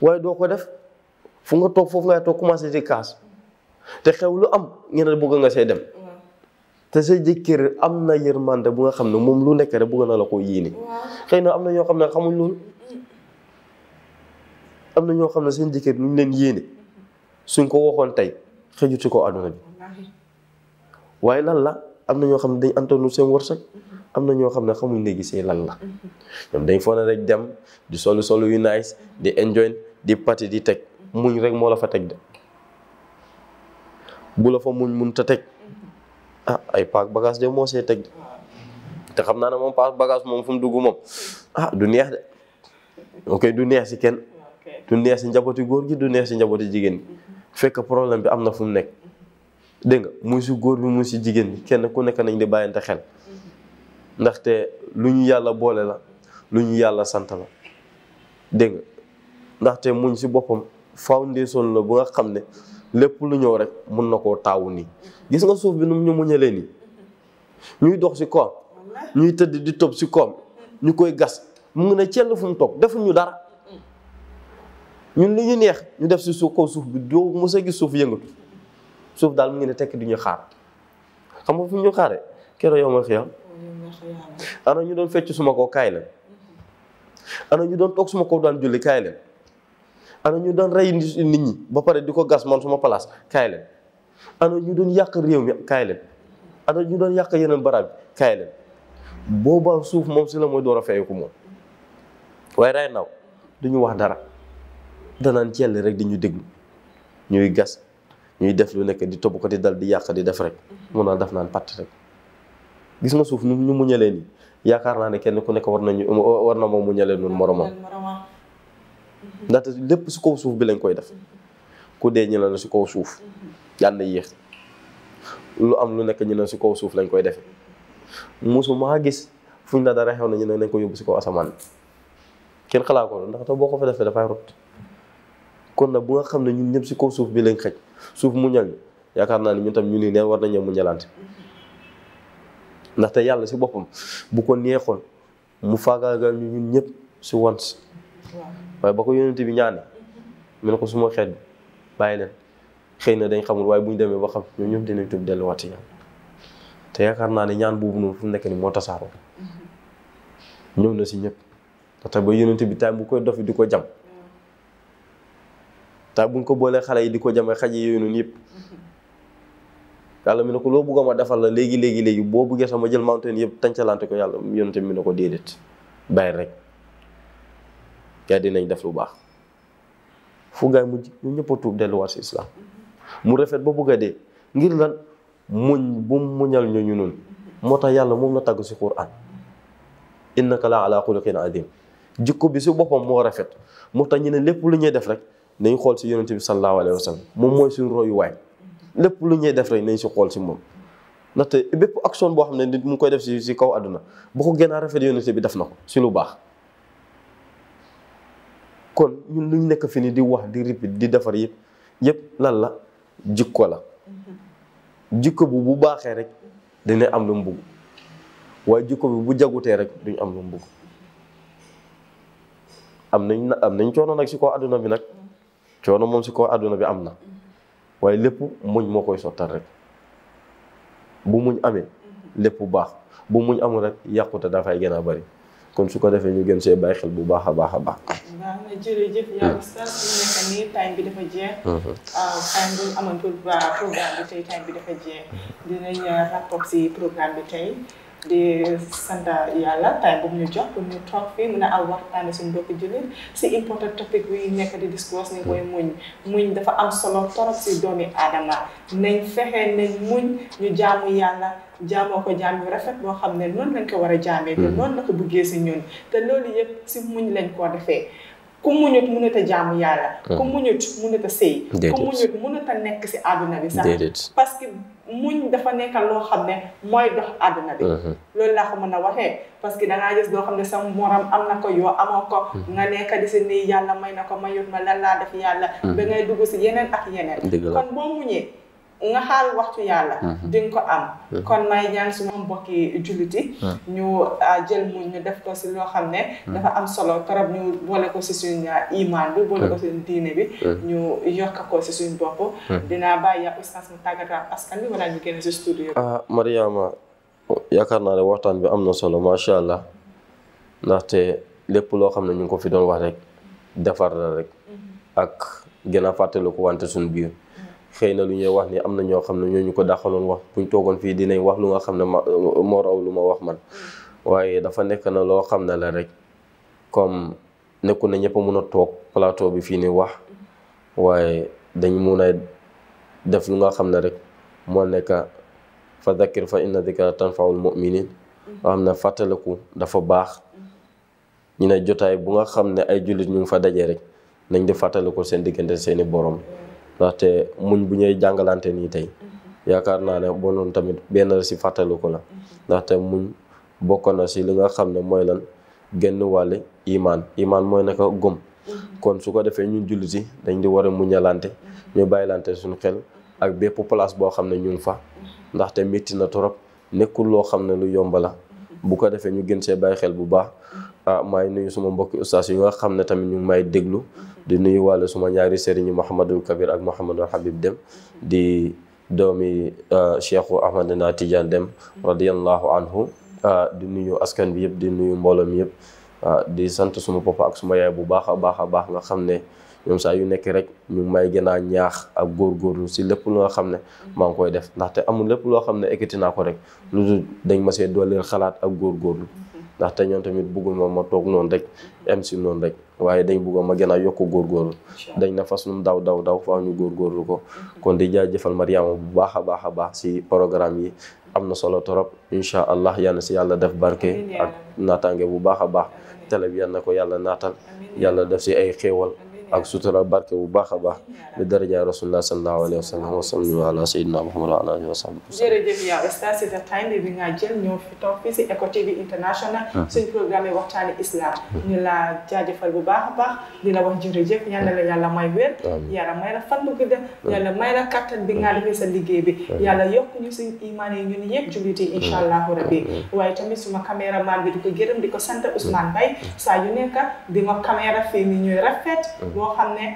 waaye doo ko def fu nga toog foofu ngay toog commencé di kaas te xew lu am ngeen te sa jëkkër am na yërmande bu nga xam ne moom lu nekk rek bëgg na la ko yéene xëy na am na ñoo xam ne xamuñ loolu am na ñoo xam ne seen jëkkër lu ñu leen yéene suñ ko waxoon tey xëjut si ko àdduna bi waaye lan la am na ñoo xam ne dañ antoonu seen wërsëg mm-hmm. am na ñoo xam ne xamuñ ne gisee lan la mm-hmm. ñoom dañ foog rek dem di solu solu yu nice di enjoy di party di teg muñ rek moo la fa teg de bu la fa muñ mun ta teg ah ay paak bagage de moo see teg te xam naa ne moom paak bagage moom fu mu dugg moom ah du neex de ok du neex si kenn du neex si njabooti góor gi du neex si njabooti jigéen gi fekk problème bi am na fu nekk dégg nga muy si góor bi muy si jigéen bi kenn ku nekk nañ di bàyyante xel ndaxte lu ñu yàlla boole la lu ñu yàlla sant la dégg nga ndaxte muñ si boppam foundation la bu nga xam ne lépp lu ñëw rek mun na koo taawu nii gis nga suuf bi nu ñu muñalee nii ñuy dox si koom ñuy tëdd di topp si koom ñu koy gas mu ngi ne cell fu mu toog defuñu dara ñun li ñu neex ñu def si suuf kaw suuf bi doo mos a gis suuf yëngatu suuf daal mu ngi ne tekk di ñu xaar xam nga fu ñu xaare keroog yow ma xiyam ana ñu doon fecc suma ko kaay leen ana ñu doon toog suma ko daan julli kaay ana ñu doon rey nit ñi ba pare di ko gas man suma place kaay leen ana ñu doon yàq réew mi kaay leen ñu doon yàq yeneen barab bi kaay leen boobaa suuf moom si la mooy door a feeyu ko moom waaye ray naw duñu wax dara danaan cell rek di ñu déglu ñuy gas ñuy def lu nekk di topp ko di dal di yàq di def rek mun naa def naan patt rek gis nga suuf nu ñu muñalee nii yaakaar naa ne kenn ku nekk war nañu war na moom muñalee noonu moromam ndaxte lépp si kaw suuf bi lañ koy def ku dee ñu ne la si kaw suuf yàlla na yéex lu am lu nekk ñu ne si kaw suuf lañ koy defe musumaa gis fuñ la dara xew na ñu ne nañ ko yóbbu si kaw asamaan kenn xalaat ko boo ko fa defee dafay kon nag bu xam ne ñun ñëpp si kaw suuf bi lañ xëj suuf mu ñal yaakaar naa ni ñun tam ñu nii neen war nañoo mu ñalante ndaxte yàlla si boppam bu ko neexoon mu faagaagal ñu ñun ñëpp si wans waaye ba ko yonent bi ñaane mu ne ko suma xeet bàyyi leen xëy na dañ xamul waaye bu ñu demee ba xam ñoom ñoom dinañ tuub delluwaat ñaan te yaakaar naa ne ñaan boobu noonu fu nekk nii moo tasaaroo ñëw na si ñëpp te ba yonent bi taay bu koy dof di ko jam taay buñ ko boolee xale yi di ko jamee xaj yooyu noonu yëpp yàlla mi ne ko loo bëgg a ma defal la léegi léegi léegi boo bëggee sama jël mountain yëpp tañ tàncalante ko yàlla yonent bi ne ko déedéet bàyyi rek. gaa dinañ def lu baax fu gaay mujj ñu ñëpp tuub delluwaat si islam mu rafet ba bugg a dee ngir lan muñ bu muñal ñu ñun noonu moo tax la si quran innaka la ala khuluqin adim jikko bi su bopam mo rafet moo tax ñu ne lu ñuy def rek nañ xol si yaronte bi sallallahu alaihi wasallam mom moy suñu roy way lepp lu ñuy def rek nañ si xol ci mom nata bepp action bo xamne nit mu koy def si kaw aduna bu ko gëna rafet yaronte bi def nako ci lu bax kon ñun luñ nekk fi ni di wax di répéter di defar yëpp yépp lan la jikko la mm-hmm. jikko bu bu baaxee rek dina am lu mu bugg waaye jikko bi bu jagutee rek duñ am lu mu bugg am nañ na am nañ coono nag si ko àdduna bi nag mm-hmm. coono moom si kaw àdduna bi am na mm-hmm. waaye lépp muñ moo koy sottal rek bu muñ amee lépp bu baax bu muñ amul rek yàqute dafay gën a bari kon su ko defee ñu gën see bàyyi xel bu baax a baax a baax. waaw jërëjëf yow sax su nekk time bi dafa jeex. Hmm. Ah, time bi amoon pour programme bi tey time bi dafa jeex. Hmm. dinañ ah, rapport si programme bi tey. di santa yàlla tay bu ñu jox bu ñu toog fii mun a aw waxtaane suñu mbokk jullit si important topic bi nekk di discours ni mooy muñ muñ dafa am solo torop si doomi aadama nañ fexe nañ muñ ñu jàmmu yàlla jaamoo ko jaam yu rafet boo xam ne noonu lañ ko war a jaamee. te hmm. noonu la ko buggee si ñun te loolu yëpp si muñ lañ koo defee. ku muñut mënut a jaamu yàlla. Ah. ku muñut mënut a sëy. ku muñut mënut a nekk si àdduna bi sax. parce que muñ dafa nekk loo xam ne mooy dox àdduna bi. Uh-huh. loolu laa ko mën a waxee parce que da ngaa gis loo xam ne sa morom am na ko yoo amoo ko. Hmm. nga nekk di si nii yàlla may na ko mayut ma lan laa def yàlla. Hmm. ba ngay dugg si yeneen ak yeneen. kon boo muñee. nga xaar waxtu yàlla mhm. di nga ko am mhm. kon may ñaan suma mbokki julliti mhm. ñu ah, jël muñ ñu def ko si loo xam ne dafa am solo trop ñu boole ko si suñ ah, diine bi ñu yokk ko si suñ bopp dinaa bàyyi yàpp ustaas mu tàggataat askan bi wala ñu ah, yaakaar naa ne waxtaan bi am na solo macha allah ndaxte lépp loo xam ne ñu ngi ko fi doon wax rek defar la rek ak gën a fàttaliku wante suñ biir xëy na lu ñuy wax ni am na ñoo xam ne ñoo ñu ko dàqaloon wax buñ toogoon fii dinañ wax lu nga xam ne ma moo raw lu ma wax man mm. waaye dafa nekk na loo xam ne la rek comme nekku na ñëpp a toog plateau bi fii ni wax waaye dañ mun a lu nga xam ne rek moo nekk fa dakir fa inna dikra tanfaul muminin nga mm. xam ne fàttaliku dafa baax mm. ñu ne jotaay bu nga xam ne ay jullit ñu ngi fa dajee rek nañ di fàttaliku seen diggante seeni borom ndaxte muñ bu ñuy jàngalante nii tey mm-hmm. yaakaar naa ne boo noonu tamit benn la si fàttaliku la mm-hmm. ndaxte muñ bokk na si li nga xam ne mooy lan genn wàlli imaan imaan mooy naka gëm mm-hmm. kon su ko defee ñu jullit yi dañ di war a muñalante ñu bàyyilante suñu xel ak bépp place boo xam ne ñu fa ndaxte métti na trop nekkul loo xam ne lu yomb la bu ko defee ñu gën see bàyyi xel bu baax ah maay nuyu suma mbokki ustaas yi nga xam ne tamit ñu may déglu di nuyu walla suma ñaari sëriñ Mouhamadul Kabir ak Mouhamadul Habib Dem di doomi euh, cheikhu Ahmadina Tidiane Dem radiallahu anhu euh, di nuyu askan bi yëpp di nuyu mbooloom mi yëpp euh, di sant suma papa ak suma yaay bu baax a baax a baax nga xam ne ñoom sax yu nekk rek ñu may gën a ñaax ak góor góorgóorlu si lépp lu nga xam ne maa ngi koy def ndaxte amul lépp loo xam ne ekkati naa ko rek lu dul dañ ma see dooleel xalaat ak góor góorgóorlu ndaxte ñoom tamit bëgguma ma toog noonu rek m si noonu rek waaye dañ bëgg ma gën a yokk góorgóorlu dañ na fas num daw daw daw faaw ñu góorgóorlu ko mhm. kon di jaajëfal Mariama bu baax a baax a baax si programme yi am na solo trop incha allah yal si yàlla def barke ak naataange bu baax a baax télé bi yal na ko yàlla naatal yàlla def si ay xéewal ak sutura barke bu baax a baax bi daraja rasulullah sallallahu alayhi wa sallam wa sallu ala sayyidina muhammad wa ala alihi wa sahbihi jërëjëf yaa oustaz si sa time bi bi nga jël ñoo fi toog fii si Eco TV international ah. suñ programme waxtaani islam ñu la jaajëfal bu baax a baax di la wax jërëjëf yal na la yàlla may wér yàlla may la fan bu gudda yàlla may la kattan bi nga defee sa liggéey bi yàlla yokk ñu suñ imaan yi ñun yëpp julliti incha allahu rabbi waaye tamit suma caméraman bi di ko gërëm di ko sant Ousmane Mbaye saa yu nekk di ma caméra fii ni ñuy rafet boo xam ne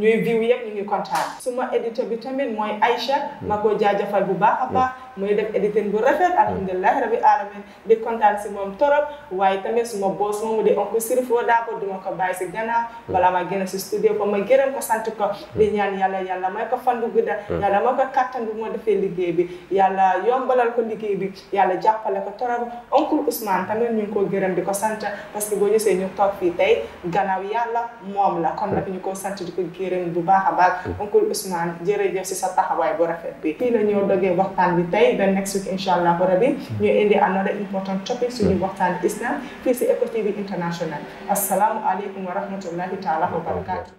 ñuy view yëpp ñu ngi kontaan suma éditeur bi tamit mooy Aïcha mm. ma ko jaajëfal bu baax a muy def editing bu rafet alhamdulilah rabi alamin di kontaan si moom torop waaye tamit suma boos moomu di ko bàyyi si gannaaw balaa ma génn si studio ko ko sant ko di yàlla yàlla may fan bu gudda yàlla may ko kattan bu moo defee liggéey bi yàlla yombalal ko liggéey bi yàlla jàppale ko torop oncle Ousmane tamit ñu ngi ko gërëm di ko sant parce que boo gisee ñu toog fii tey gannaaw yàlla moom la kon nag ñu ko bu baax a baax mm. oncle Ousmane jërëjëf si sa taxawaay bu rafet bi fii la ñoo dogee waxtaan bi tey tey ba next week incha allahu rabi in indi hmm. another important topic suñu hmm. waxtaan islam Please, si Eco TV International asalaamualeykum wa rahmatullahi taala wa barakatuh.